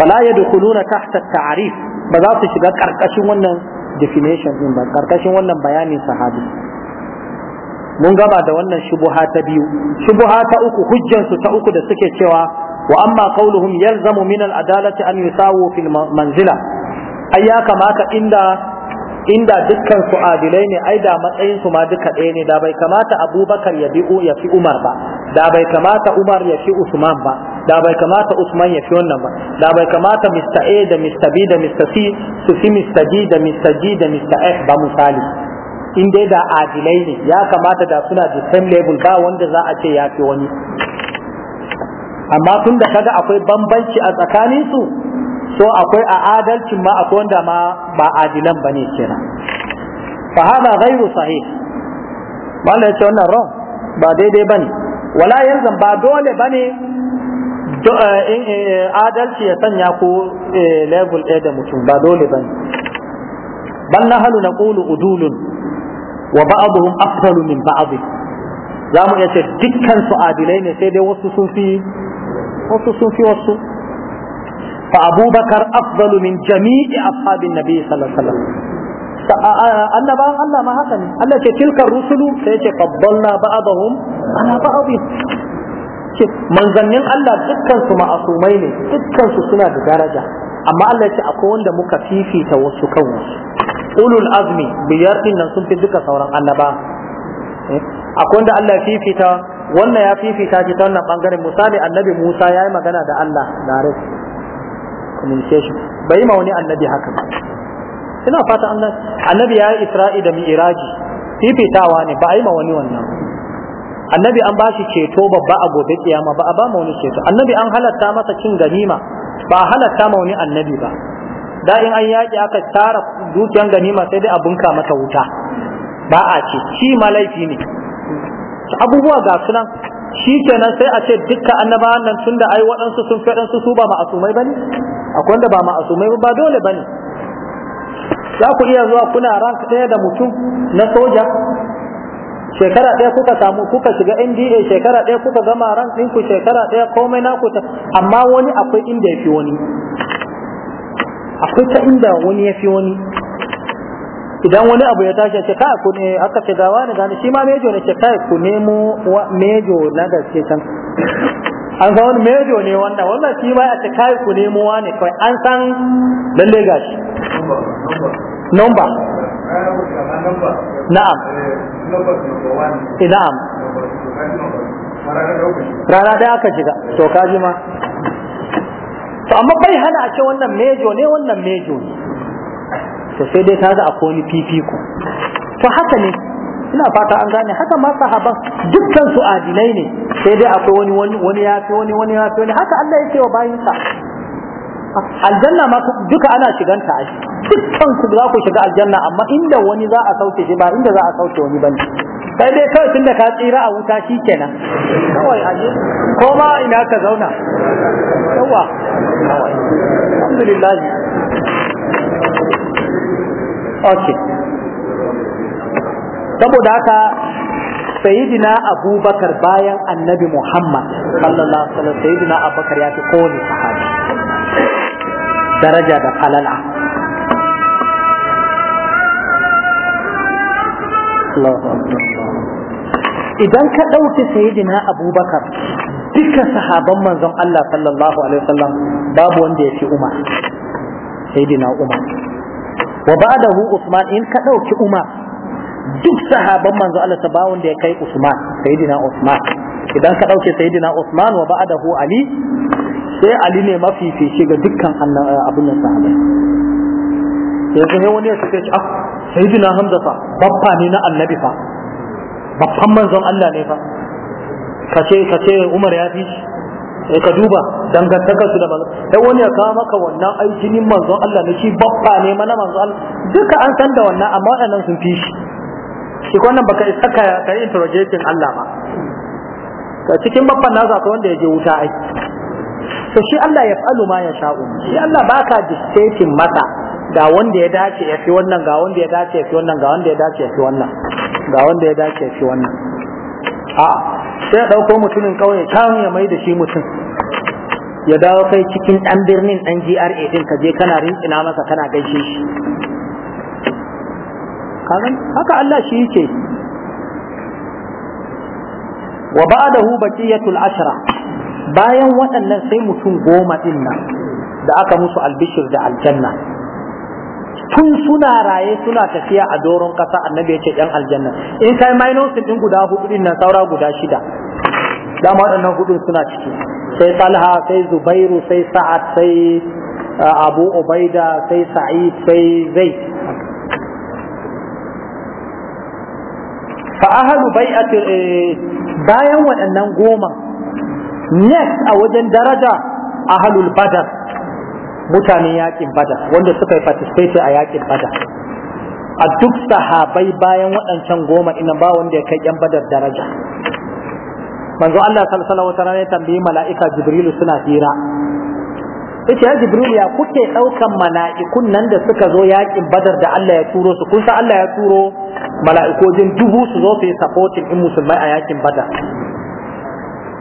fala yadkhuluna tahta at-ta'rif ba za su shiga karkashin wannan definition din ba karkashin wannan bayanin sahabi mun gama da wannan shubuha ta biyu shubuha ta uku hujjar su ta uku da suke cewa wa amma qawluhum yalzamu min al-adalati an yusawu fil manzila ai ya kamata inda inda dukkan su adilai ne ai da matsayin su ma duka ɗaya ne da bai kamata abubakar ya bi ya fi umar ba da bai kamata umar ya fi usman ba da bai kamata usman ya fi wannan ba da bai kamata mr a da mr b da mr c su fi mr d da mr g da mr f ba misali in dai da adilai ne ya kamata da suna the same level ba wanda za a ce ya fi wani amma tun da kaga akwai bambanci a tsakaninsu to akwai a adalcin ma akwai wanda ma ba adilan ba ne kenan fa hada ghairu sahih malla yace wannan wrong ba daidai ba ne. wala yarzan ba dole ba ne eh, eh, adalci ya sanya ko eh, level ɗaya da mutum ba dole ba bane bal na naqulu udulun wa ba'dhum afdalu min ba'd za mu iya ce dukkan su adilai ne sai dai wasu sun fi wasu sun fi wasu fa abubakar afdalu min jami'i ashabin nabi sallallahu alaihi wasallam annabawan Allah ma haka ne Allah ce tilkar rusulu sai ce faddalna ba'dahum ana ba'dhum ce manzannin Allah dukkan su ma'asumai ne dukkan su suna da daraja amma Allah ce akwai wanda muka fifita wasu kan wasu ulul azmi biyar din nan sun fi duka sauran annaba eh, akwai wanda Allah ya fifita wannan ya fifita shi ta wannan bangaren misali annabi Musa ya yi magana da Allah da communication bai ma wani annabi haka ba ina fata Allah annabi ya yi isra'i da mi'raji fifitawa ne ba a yi ma wani wannan annabi an bashi ceto babba a gobe kiyama ba a ba ma wani ceto annabi an halatta masa cin ganima ba a halatta ma wani annabi ba da in an yaƙi aka tara dukiyan ganima sai dai a bunka mata wuta ba a ce ci ma laifi ne abubuwa ga sunan shi kenan sai a ce dukkan annabawan nan tunda ai waɗansu sun fi su su ba ma'asumai bane akwai wanda ba ma'asumai ba dole bane za ku iya zuwa kuna rank ɗaya da mutum na soja shekara ɗaya kuka samu kuka shiga NDA shekara ɗaya kuka gama rank ɗinku shekara ɗaya komai naku ta amma wani akwai inda ya fi wani akwai ta inda wani ya fi wani idan wani abu ya tashi ce kai ku ne aka ce gawa ne gani shi ma mejo ne ce kai ku nemo mejo na gaske can an san wani mejo ne wannan wannan shi ma a ce kai ku nemo ne kai an san lalle gashi number na'am na'am rana da aka shiga to kaji ma to amma bai hana a ce wannan mejo ne wannan mejo ne to sai dai kaga a wani fifiko to haka ne ina fata an gane haka ma sahaban dukkan su adinai ne sai dai akwai wani wani ya fi wani wani ya fi wani haka Allah yake wa bayinsa aljanna ma duka ana shiganta a dukkan ku za ku shiga aljanna amma inda wani za a sauke shi ba inda za a sauke wani bane sai dai kawai tunda ka tsira a wuta shikenan. kenan kawai aje ko ma ina ka zauna yawa alhamdulillah okay saboda haka sayidina abubakar bayan annabi muhammad sallallahu alaihi wasallam sayidina abubakar ya fi kowane sahabi daraja da falala idan ka ɗauki sayidina abubakar duka sahaban manzon Allah sallallahu alaihi wasallam babu wanda ya fi umar sayidina umar wa ba'dahu Usman in ka dauki Umar duk sahaban manzo Allah ta ba wanda ya kai Usman sayyidina Usman idan ka dauke sayyidina Usman wa ba'dahu Ali sai Ali ne mafifici ga dukkan eh, abin nan sahaba yanzu kuma wani ya ce ah sayyidina Hamza fa babba ne na Annabi fa babban manzon Allah ne fa kace kace Umar ya fi shi sai ka duba dangantakar su da manzo dan wani ya kawo maka wannan aikinin manzon Allah ne shi babba ne mana manzon Allah duka an san da wannan amma waɗannan sun fi shi shi wannan baka isa ka yi interrogation Allah ba Ka cikin babban nasa akwai wanda ya je wuta ai to shi Allah ya falu ma ya sha'u shi Allah baka dictating masa ga wanda ya dace ya fi wannan ga wanda ya dace ya fi wannan ga wanda ya dace ya fi wannan ga wanda ya dace ya fi wannan a'a sai ɗauko mutumin ƙauye can ya mai da shi mutum ya dawo kai cikin ɗan birnin ɗan GRA ɗin ka je kana rintsina masa kana gaishe shi haka Allah shi yake wa ba'dahu baqiyatul ashira. bayan waɗannan sai mutum goma ɗin nan da aka musu albishir da aljanna tun suna raye suna tafiya a doron ƙasa annabi ya ce ɗan aljanna in kai minusin ɗin guda hudu ɗin nan saura guda shida dama waɗannan hudun suna ciki sai talha sai zubairu sai sa'ad sai uh, abu ubaida sai sa'id sai zai fa ahlu bai'ati eh, bayan waɗannan goma next a wajen daraja ahlul badar mutanen yakin bada wanda suka yi participate a yakin bada a duk sahabai bayan waɗancan goma ina ba wanda ya kai yan badar daraja manzo Allah sallallahu alaihi wasallam ya tambayi mala'ika jibril suna hira yace ya Jibrilu ya kuke daukan mala'ikun nan da suka zo yakin badar da Allah ya turo su kun san Allah ya turo mala'ikojin dubu su zo su yi in musulmai a yakin badar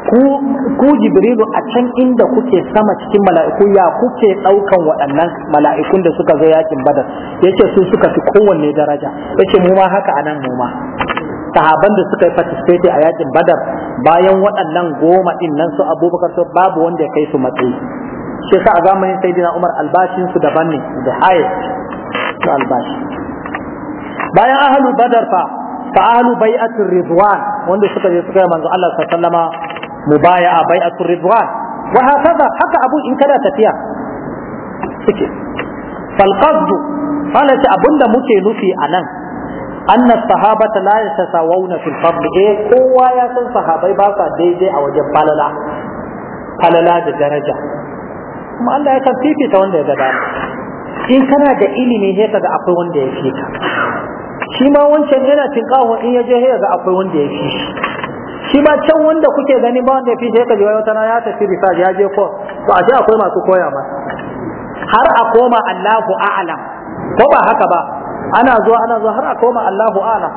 ku jibrilu a can inda kuke sama cikin mala'iku ya kuke ɗaukan waɗannan mala'ikun da suka zo yakin badar yace su suka fi kowanne daraja yace mu ma haka anan mu ma sahaban da suka yi participate a yakin badar bayan waɗannan goma ɗin nan su abubakar su babu wanda ya kai su matsayi shi sa a zamanin sayyidina umar albashin su daban ne da highest su albashi bayan ahlul badar fa fa bai'atul ridwan wanda suka je suka yi manzo Allah sallallahu alaihi wasallama mubaya'a bai'atul ridwan wa hakaza haka abu in kana tafiya suke fal qasdu Fala ta abunda muke nufi anan anna sahabata la yatasawawna fil fadl eh kowa ya san sahabai ba sa daidai a wajen falala falala da daraja kuma Allah ya kan fifita wanda ya ga dama in kana da ilimi sai kaga akwai wanda ya fita shi ma wancan yana tinkawo in ya je sai ga akwai wanda ya fi shi shi ba can wanda kuke gani ba wanda ya fi shi ka jiwa wata ya tafi bisa ya je ko ba a akwai masu koya ba har a koma Allahu a'lam ko ba haka ba ana zuwa ana zuwa har a koma Allahu a'lam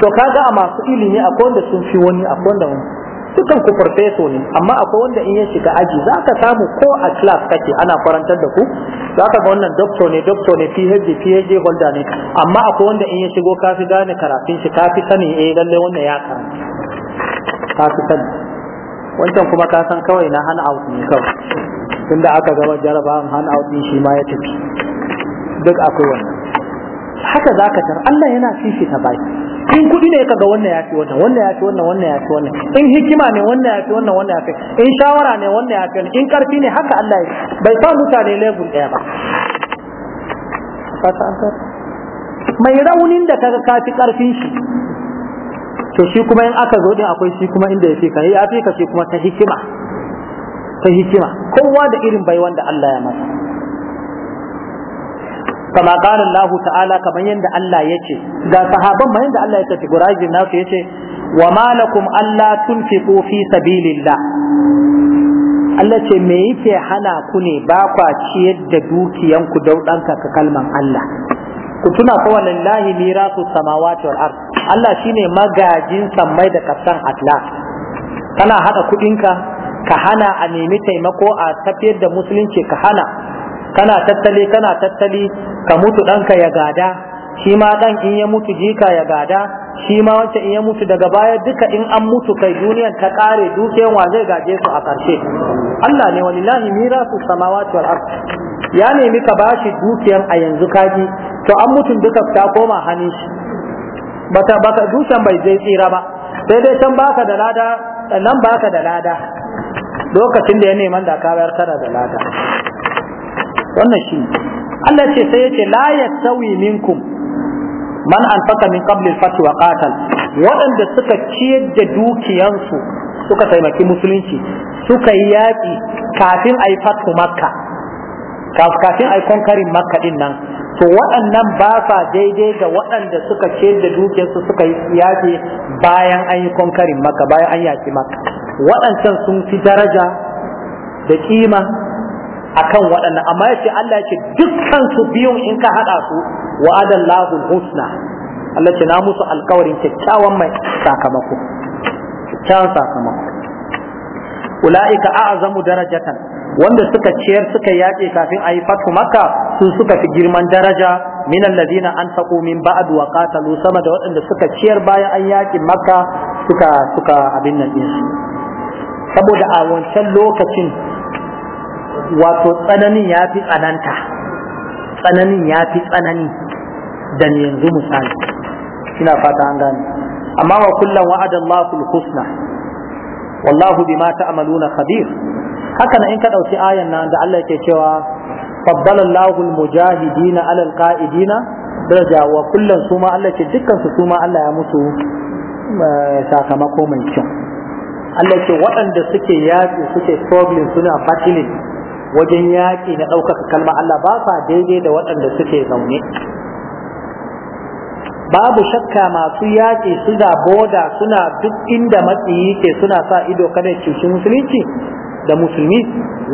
to kaga a masu ilimi a wanda sun fi wani a wanda wani dukan ku farfeso ne amma akwai wanda in ya shiga aji za ka samu ko a class kake ana farantar da ku za ka ga wannan doctor ne doctor ne PhD PhD holder ne amma akwai wanda in ya shigo kafi gane karatun shi kafi sani eh lalle wannan ya karanta ka fi sani wancan kuma ka san kawai na hana out ne kawai da aka gaba jarabawan hana out din shi ma ya tafi duk akwai wannan haka za ka tar Allah yana fifita baki in kuɗi ne kaga wannan ya fi wannan wannan ya fi wannan wannan ya fi wannan in hikima ne wannan ya fi wannan wannan ya fi in shawara ne wannan ya fi wannan in karfi ne haka Allah ya bai sa mutane lebur ɗaya ba mai raunin da kaga ka fi karfin shi to shi kuma in aka zo din akwai shi kuma inda yake kai, ya fi ka shi kuma ta hikima ta hikima kowa da irin bai wanda Allah ya masa kama qala Allah ta'ala kamar yanda Allah yace ga sahaban mai yanda Allah ya tafi na nasu yace wa ma lakum alla tunfiqu fi sabilillah Allah ce me yake hana ku ne ba kwa ciyar da dukiyanku daudanka ka kalman Allah ku tuna fa lillahi mirasu samawati wal ard Allah shine magajin sammai da kasan atla kana hada kudinka ka hana a nemi taimako a tafiyar da musulunci ka hana kana tattali kana tattali ka mutu danka ya gada shi ma dan in ya mutu jika ya gada shi ma wancan in ya mutu daga baya duka in an mutu kai duniya ta kare dukiyan wa zai gaje su a karshe Allah ne walillahi mirasu samawati wal ard ya nemi ka bashi dukiyan a yanzu kaji to an mutun duka ta koma hannun shi bata baka dukiyan bai zai tsira ba sai dai can baka da lada nan baka da lada lokacin da ya neman da ka bayar tara da lada wannan shi Allah ce sai yace la yasawi minkum man faka min qabl al-fath wa qatal waɗanda suka ciyar da dukiyansu suka taimaki musulunci suka yi yaƙi kafin a yi fatu makka kafin a yi konkarin makka din nan to waɗannan ba sa daidai ga waɗanda suka ciyar da dukiyansu suka yi yaƙi bayan an yi konkarin makka bayan an yaƙi makka waɗancan sun fi daraja da kima akan waɗannan amma ce Allah yace dukkan su biyun in ka haɗa su wa'adallahu husna Allah ce na musu alkawarin kyakkyawan mai sakamako kyakkyawan sakamako ula'ika a'zamu darajatan wanda suka ciyar suka yaƙe kafin a yi fatu makka su suka fi girman daraja min allazina anfaqu min ba'd wa qatalu sama da waɗanda suka ciyar bayan an yaƙi makka suka suka abin nan saboda a wancan lokacin wato tsananin ya fi tsananta tsananin ya fi tsanani da yanzu misali ina fata an gane amma wa kullum wa'ada Allahul husna wallahu bima ta'maluna khabir haka na in ka dauki ayan nan da Allah yake cewa faddala Allahul mujahidina alal qa'idina daraja wa kullum su ma Allah ce dukkan su su ma Allah ya musu eh, sakamako mai kyau Allah ce waɗanda suke yaƙi suke struggling suna battling wajen yaƙi na ɗaukaka kalma Allah ba sa daidai da waɗanda suke zaune babu shakka masu yaƙi suna boda suna duk inda matsi yake suna sa ido kada cikin musulunci da musulmi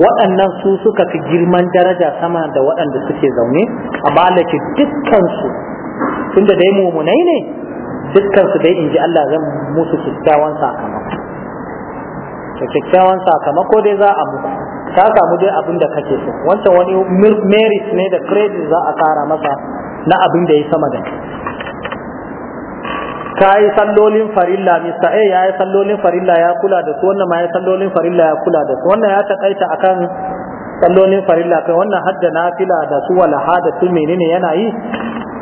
waɗannan su suka fi girman daraja sama da waɗanda suke zaune amma Allah dukkansu da da dai mumunai ne dukkansu dai in ji Allah zan musu kyakkyawan sakamako kyakkyawan sakamako dai za a musu ka samu dai abin da kake so wancan wani merit ne da credit za a kara masa na abin da ya sama da ka yi sallolin farilla mista a ya yi sallolin farilla ya kula da su wannan ma ya yi sallolin farilla ya kula da su wannan ya a kan sallolin farilla kai wannan hadda na fila da su wala hada su menene yana yi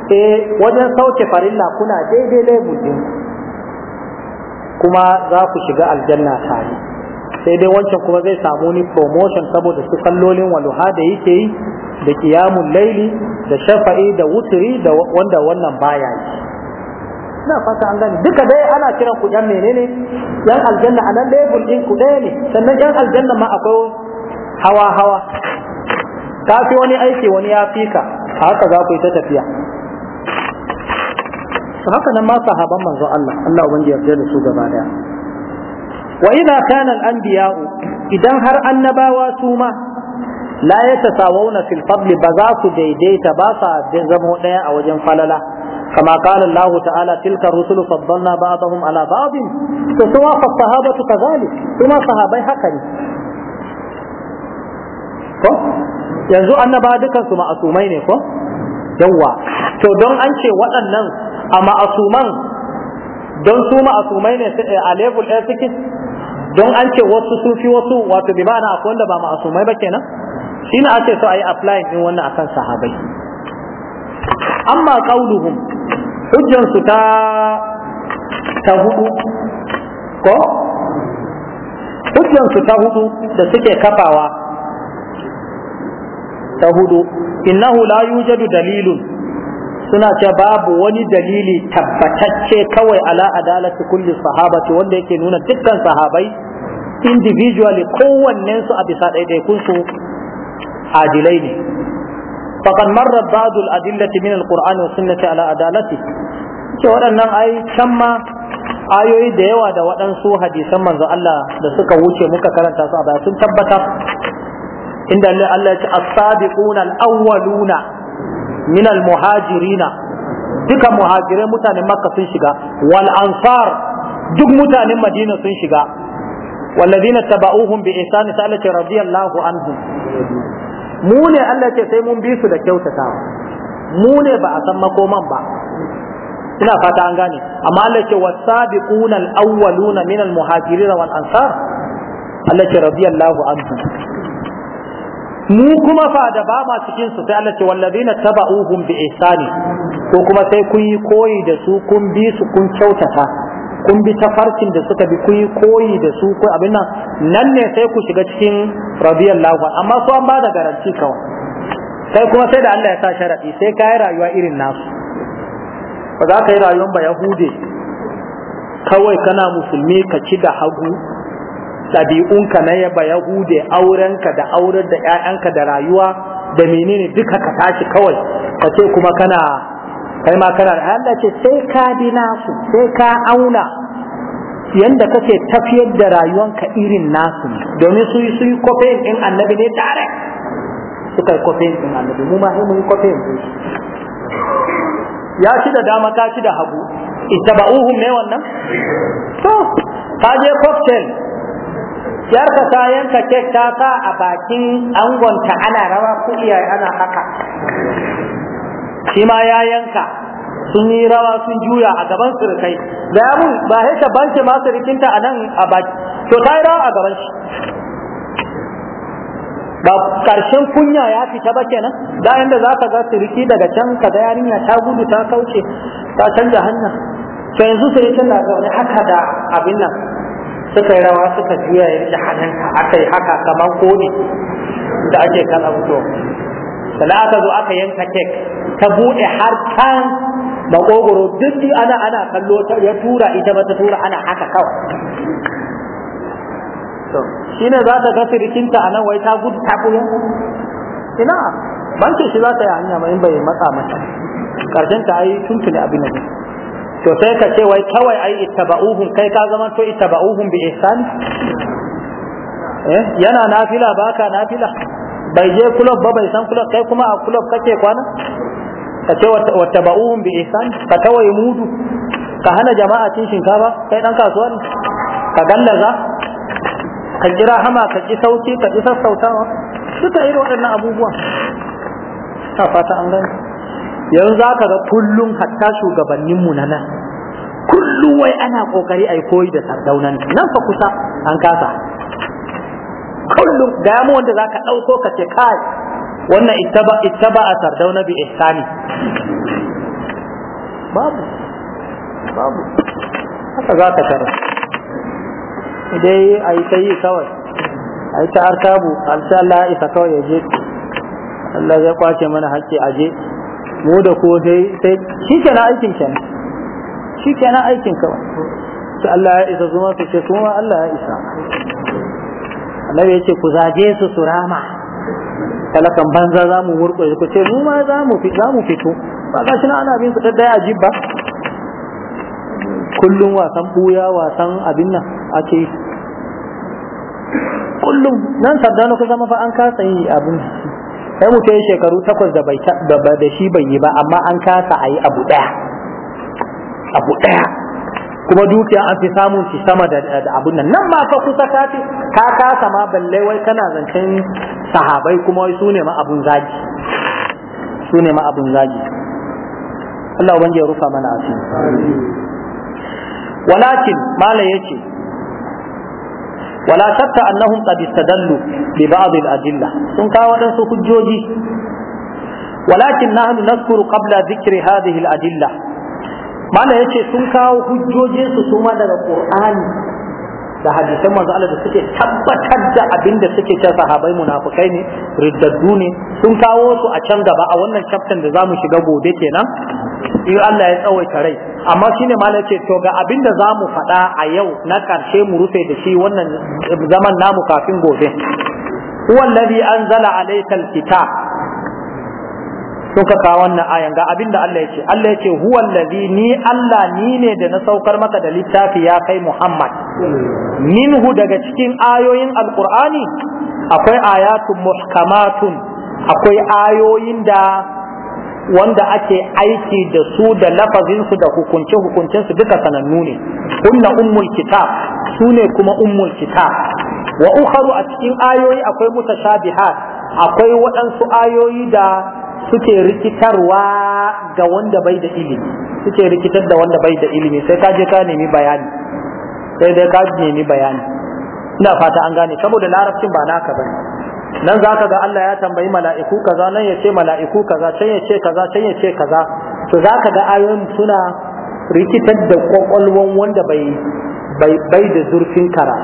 E wajen sauke farilla kuna daidai laibu din kuma za ku shiga aljanna tare sai dai wancan kuma zai samu ni promotion saboda su kallolin waluha da yake yi da kiyamun laili da shafa'i da wuturi da wanda wannan baya yi na fata an gani duka dai ana kiran ku yan menene yan aljanna a nan level din ku ɗaya ne sannan yan aljanna ma akwai hawa hawa ka fi wani aiki wani ya fi ka a haka za ku yi ta tafiya haka nan ma sahaban manzo Allah Allah ubangiji ya yarda da su gaba daya wa idza kana al-anbiya'u idan har annabawa su ma la yatasawuna fil ba za su daidaita ba sa zamo daya a wajen falala kama qala Allah ta'ala tilka rusulu faddalna ba'dahum ala ba'd to suwa fa kuma sahabai haka ne ko yanzu dukan su ma'asumai ne ko yawa to don an ce waɗannan a ma'asuman don su ma'asumai ne eh, a level ɗaya cikin? don an ce wasu sun fi wasu wato bi ma'ana akwai wanda ba ma'asumai ba kenan shi ne ake so a yi applying din wannan akan sahabai amma qauluhum hujjansu ta ta hudu ko hujjansu ta hudu da suke kafawa ta hudu innahu la yujadu dalilun suna cewa babu wani dalili tabbatacce kawai ala adalati kulli sahabati wanda yake nuna dukkan sahabai individually kowanne su a bisa ɗaiɗaikun su adilai ne faqad marra ba'du al-adillati min al-qur'ani wa sunnati ala adalati ce waɗannan ai can ma ayoyi da yawa da waɗansu hadisan manzo Allah da suka wuce muka karanta su a baya sun tabbata inda Allah ya ce as-sabiquna al-awwaluna minal muhajirina duka muhajirai mutanen makka sun shiga wal ansar duk mutanen madina sun shiga walladina taba'uhum bi ihsani sa'alati radiyallahu anhum mu ne Allah ce sai mun bi su da kyautata, mu ne ba a san makoman ba ina fata an gane amma Allah ce wasabiquna al-awwaluna min al Allah ce mu kuma fa da ba ma cikin su sai Allah ce wallazina taba'uhum bi ihsani ko kuma sai kun yi koyi da su kun bi su kun kyautata kun bi tafarkin da suka bi kun yi koyi da su ko abin nan nan ne sai ku shiga cikin radiyallahu amma su an ba da garanti kawai sai kuma sai da Allah ya sa sharadi sai kai rayuwa irin nasu ba za ka yi rayuwar ba yahude kawai kana musulmi ka ci da hagu ɗabi'unka na yaba yahude aurenka da auren da ka da rayuwa da menene duka ka tashi kawai ka ce kuma kana kai ma kana Allah ce sai ka bi nasu sai ka auna yanda kake tafiyar da rayuwanka irin nasu domin su yi su yi kofin in annabi ne tare suka yi kofin in annabi mu ma mun kofin ya ci da dama ka ci da hagu ittaba'uhum mai wannan to ka je cocktail ka ta yanka kek ta sa a bakin angonta ana rawa ko iyaye ana haka shi ma ya yanka sun yi rawa sun juya a gaban surukai da ya mun ba sai ta banke ma rikinta a nan a baki to ta yi rawa a gaban shi ba karshen kunya ya fita ba kenan da yanda za ka ga suriki daga can ka ga yarinya ta gudu ta kauce ta canja hanya to yanzu surukin na zaune haka da abin nan suka yi rawa suka juya ya rike hannunta aka yi haka kamar kone da ake kan abuto sana aka zo aka yanka kek ta buɗe har kan makogoro duk ana ana kallo ya tura ita ba ta tura ana haka kawai shi ne za ta ga rikinta a nan wai ta gudu ta kuma ina bankin shi za ta yi hanya ma in bai matsa mata karshen ta yi tuntuni abin nan to sai ka ce wai kawai ai ittaba'uhum kai ka zama to ittaba'uhum bi ihsan eh yana nafila baka nafila bai je kulob ba bai san kulob kai kuma a kulob kake kwana ka ce wata ba'uhun bi ihsan ka kawai mudu ka hana jama'a cin shinkafa kai dan kasuwa ne ka gallaza ka kira hama ka ki sauki ka ki sassautawa duka irin waɗannan abubuwa ta fata an gani yanzu za ka ga kullum hatta shugabanninmu na nan kullum wai ana kokari ai koyi da sardaunan nan fa kusa an kasa kullum da yamu wanda zaka dauko ka ce kai wannan ittaba ittaba a sardauna bi ihsani babu babu haka za ka tara a ai ta yi kawai ai ta arkabu alsa Allah ya isa kawai ya je Allah ya kwace mana hakki aje mu da ko sai sai shi kenan aikin kenan shi kenan aikin kawai sai Allah ya isa zuma su ce kuma Allah ya isa annabi ya ce ku zaje su su rama talakan banza za mu wurko ku ce mu ma za mu fito ba ga shi na ana bin su daddaya ajib ba kullum wasan buya wasan abin nan ake kullum nan sardano ka zama fa an kasa yi abin sai mutum ya shekaru takwas da bai da shi bai yi ba amma an kasa a yi abu daya abu ɗaya kuma dukiya an fi samun shi sama da abun nan nan ma fa kusa ka ce ka kasa ma balle wai kana zancen sahabai kuma wai sune ma abun zagi sune ma abun zagi Allah ubangiji ya rufa mana asiri walakin mala yace wala shakka annahum qad istadallu bi ba'd al-adilla sun kawo wadansu hujjoji walakin nahnu nazkuru qabla dhikri hadhihi al-adilla mana ya ce sun kawo hujjojinsu su ma daga ƙur'ani da hadisan manzo Allah da suke tabbatar da abin da suke cewa sahabai munafukai ne riddaddu ne sun kawo su a can gaba a wannan chapter da zamu shiga gobe kenan in Allah ya tsawaita rai amma shine malai ce to ga abin da zamu faɗa a yau na karshe mu rufe da shi wannan zaman namu kafin gobe huwa allazi anzala ka kawo wannan ayan ga abin da Allah ya Allah ya ce huwa ni Allah ni ne da na saukar maka da littafi ya kai Muhammad minhu daga cikin ayoyin alqur'ani akwai ayatun muhkamatun akwai ayoyin da wanda ake aiki da su da lafazin su da hukunce hukuncen su duka sanannu ne kunna ummul kitab sune kuma ummul kitab wa ukharu a cikin ayoyi akwai mutashabihat akwai waɗansu ayoyi da suke rikitarwa ga wanda bai da ilimi suke rikitar da wanda bai da ilimi sai ka je ka nemi bayani sai dai ka nemi bayani ina fata an gane saboda larabcin ba naka bane nan zaka ga Allah ya tambayi mala'iku kaza nan ya ce mala'iku kaza can ya ce kaza can ya ce kaza to zaka ga ayoyin suna rikitar da kwakwalwan wanda bai bai da zurfin kara,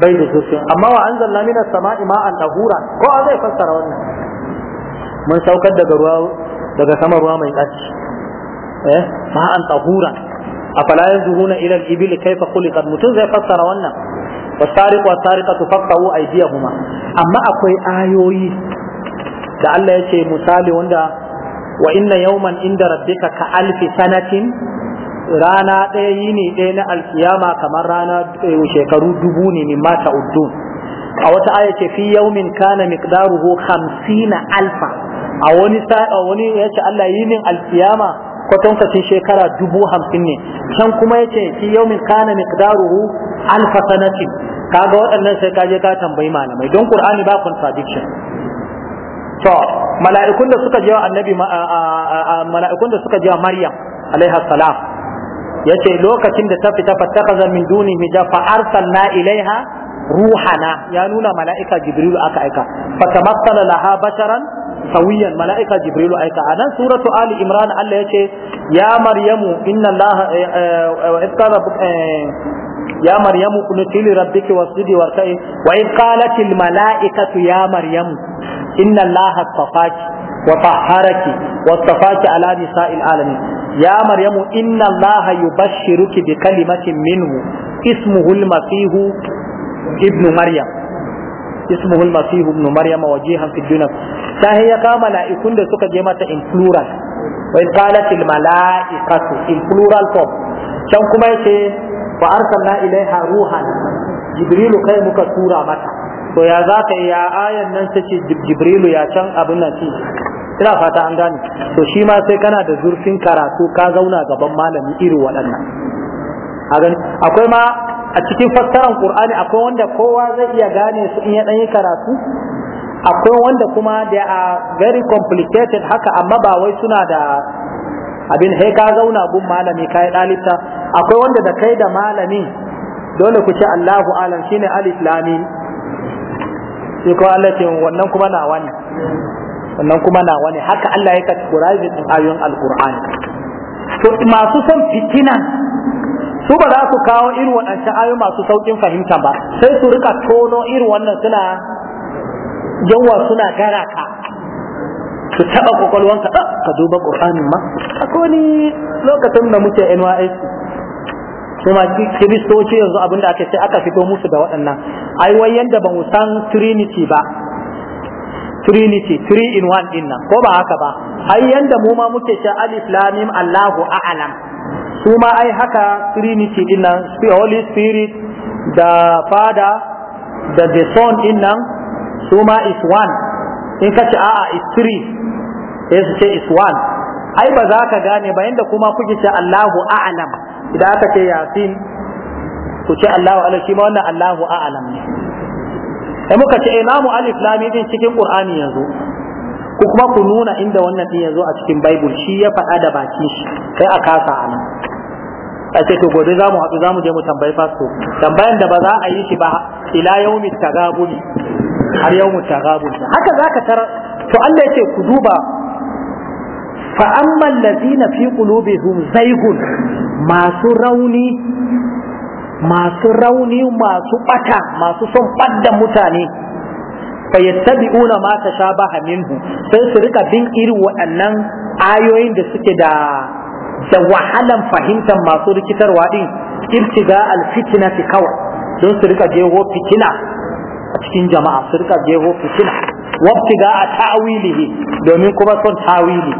bai da zurfin amma wa anzalna minas sama'i ma'an tahura ko a zai fassara wannan mun saukar daga ruwa daga sama ruwa mai tsarki eh ma'an tahura afala yanzuhuna ila al-ibli kayfa khuliqat mutun zai fassara wannan wasariq wa sariqatu faqtahu aydiyahuma amma akwai ayoyi da Allah ya ce misali wanda wa inna yawman inda rabbika ka alfi sanatin rana ɗaya yini ɗaya na alkiyama kamar rana eh, shekaru dubu ne min mata uddun a wata aya ce fi yaumin kana miqdaruhu 50 alfa a wani sa'a wani yace Allah yi min alkiyama kwatankwacin shekara dubu hamsin ne can kuma yace fi yaumin kana miqdaruhu alfa sanatin kaga waɗannan sai kaje ka tambayi malamai don Qur'ani ba contradiction to mala'ikun da suka je wa annabi mala'ikun da suka je Maryam alaiha salam yace lokacin da ta fita fattakaza min dunihi da fa arsalna ilaiha ruhana ya nuna mala'ika jibrilu aka aika fatamassala laha basharan sawiyan mala'ika jibrilu aika anan suratu ali imran Allah yace ya maryamu inna allah eh, eh, eh, ya maryamu kunuti li rabbiki wasjudi warka'i wa in qalat al mala'ikatu ya maryamu inna allah tafaki wa tahharaki wa tafaki ala nisa'il alamin ya maryamu inna bi minhu ismuhu al ibnu maryam ismuhu al-masih ibnu maryam wajihan fi dunya ya ga mala'ikun da suka je mata in plural wa in qalat al-mala'ikatu in plural form can kuma yace wa arsalna ilaiha ruhan jibrilu kai muka tura mata to ya za ka ya ayan nan ta ce ya can abin nan ce fata an gane to shi ma sai kana da zurfin karatu ka zauna gaban malami iri waɗannan a gani akwai ma a cikin fassarar Qur'ani akwai wanda kowa zai iya gane su in ya ɗan yi karatu akwai wanda kuma da a very complicated haka amma ba wai suna da abin sai ka zauna gun malami kai dalita akwai wanda da kai da malami dole ku ce Allahu alam shine alif lam sai ko Allah ce wannan kuma na wani wannan kuma na wani haka Allah ya kategorize din ayoyin alqur'ani to masu son fitina su ba za su kawo irin waɗancan ayoyi masu saukin fahimta ba sai su rika tono irin wannan suna yawa suna gara ka su taɓa kwakwalwanka ah, ka duba ƙur'anin ma akwai ni lokacin da muke NYS kuma kiristoci yanzu abinda aka ce aka fito musu da waɗannan ai wai yanda ba mu san trinity ba trinity three in one din nan ko ba haka ba ai yanda mu ma muke ce alif lamim allahu a'lam su ma ai haka trinity din nan holy spirit da father da the son din nan su ma is one in ka ce a'a is three sai ce is one ai ba za ka gane ba Inda kuma kuke ce Allahu a'lam idan aka ce yasin ku ce Allahu a'lam shi ma wannan Allahu a'lam ne sai muka ce imamu alif lam din cikin qur'ani yanzu ko kuma ku nuna inda wannan din yazo a cikin bible shi ya faɗa da baki shi sai a kasa ana a ce to gobe za mu haɗu za mu je mu tambayi fasto tambayan da ba za a yi shi ba ila yaumi tagabuli har yaumi tagabuli haka za ka tarar to Allah ya ce ku duba fa amma allazina fi qulubihim zaygun masu rauni masu rauni masu bata masu son ɓadda mutane fayattabi'una ma tashabaha minhu sai su rika bin irin waɗannan ayoyin da suke da da wahalan fahimtar masu rikitarwa din ibtiga alfitina fi kawai don su rika jeho fitina a cikin jama'a su rika jeho fitina wabtiga a ta'awilihi domin kuma son ta'awili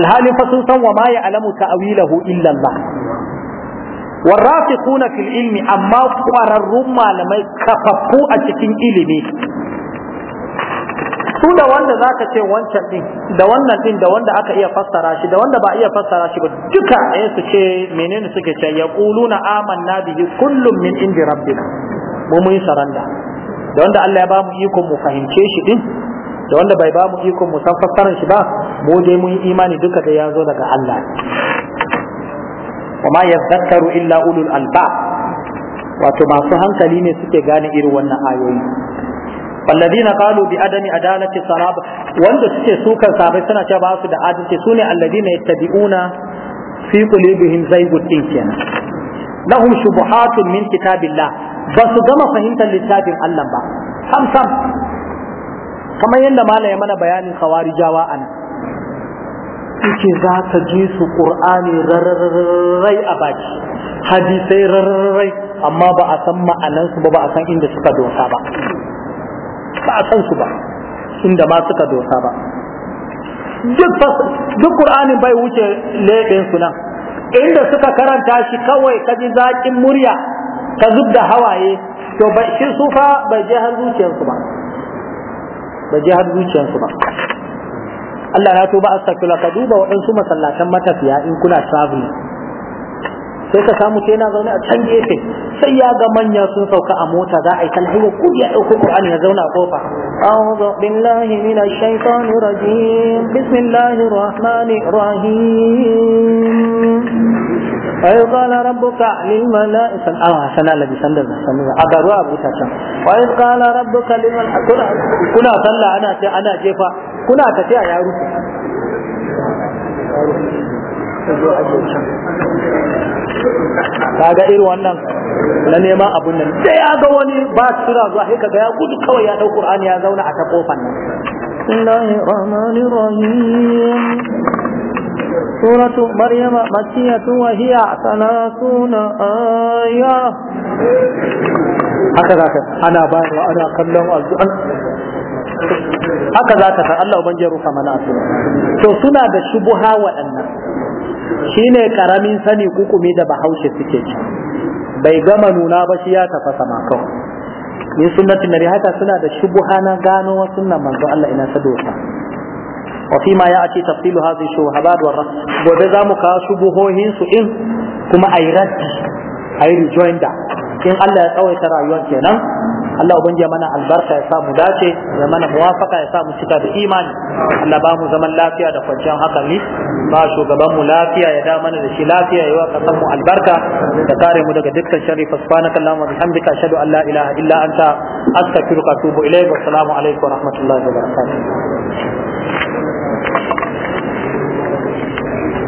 alhalin fa sun san wa ma ya'lamu ta'awilahu illa Allah warrafiquna fil ilmi amma ƙwararrun malamai kafaffu a cikin ilimi su da wanda za ka ce wancan ɗin da wannan ɗin da wanda aka iya fassara shi da wanda ba iya fassara shi ba duka ɗaya su ce menene suke ce ya ƙuluna amanna bihi kullum min indi rabbina mu mun saranda da wanda Allah ya ba mu ikon mu fahimce shi din da wanda bai ba mu ikon mu san fassarar shi ba mu dai mun imani duka da ya zo daga Allah وما يذكر illa ulul alba. wato masu hankali ne suke gane irin wannan ayoyi alladina qalu bi adami adalati sarab wanda suke sukan sabai suna cewa basu da adalci sune alladina yattabi'una fi qulubihim zaygun din kenan lahum shubuhatun min kitabillah ba su gama fahimtar littafin Allah ba sam sam kamar yadda ya mana bayanin khawarijawa ana ce za ta ji su ƙur'ani rai a baki hadisai rarrarai amma ba a san ma'anansu ba ba a san inda suka dosa ba ba a san su ba inda ba suka dosa ba duk qur'anin bai wuce leɓen su nan inda suka karanta shi kawai ka ji zaƙin murya ka zub da hawaye to ba shi su fa bai je har zuciyarsu ba bai je har zuciyarsu ba Allah na tuba astaghfirullah ka duba waɗansu masallatan matafiya in kuna traveling sai ka samu sai na zaune a can gefe sai ya ga manya sun sauka a mota za a yi talhiya ku ya dauko Qur'ani ya zauna a kofa a'udhu billahi minash shaitanir rajim bismillahir rahmanir rahim ai qala rabbuka lil malaa'ikati ah sana labi sandar sandar a garuwa abu ta can wa ai qala rabbuka lil kuna sallah ana jefa kuna tafiya ya rufe Ka ga irin wannan na neman abun nan Sai ya ga wani ba sura zuwa sai kaga ya gudu kawai ya dau Qur'ani ya zauna a ta kofar nan Bismillahir Rahmanir Rahim سورة مريم مكية وهي ثلاثون ana هكذا أنا بايع وأنا كلهم haka za ta san Allah ubangiji rufa mana asiri to suna da shubuha waɗannan Shi ne karamin sani kukumi da bahaushe suke ci bai gama nuna ba shi ya tafasa sama kawai ni sunnati nabi haka suna da shubuha na gano wa manzo Allah ina sadosa wa fi ma ya'ti tafsilu hadhihi shubuhat wa ras gobe zamu kawo shubuhohin su in kuma ayi raddi ayi rejoinder in Allah ya tsawaita rayuwar kenan Allah ubangiji mana albarka ya sa mu dace ya mana muwafaka ya sa mu cika da imani Allah ba mu zaman lafiya da kwanciyar hankali ba shugaban mu lafiya ya da mana da shi lafiya ya wa kasan mu albarka da kare mu daga dukkan sharri fa subhanaka allahumma wa bihamdika ashhadu an la ilaha illa anta astaghfiruka wa atubu ilayk wa assalamu alaikum wa rahmatullahi wa barakatuh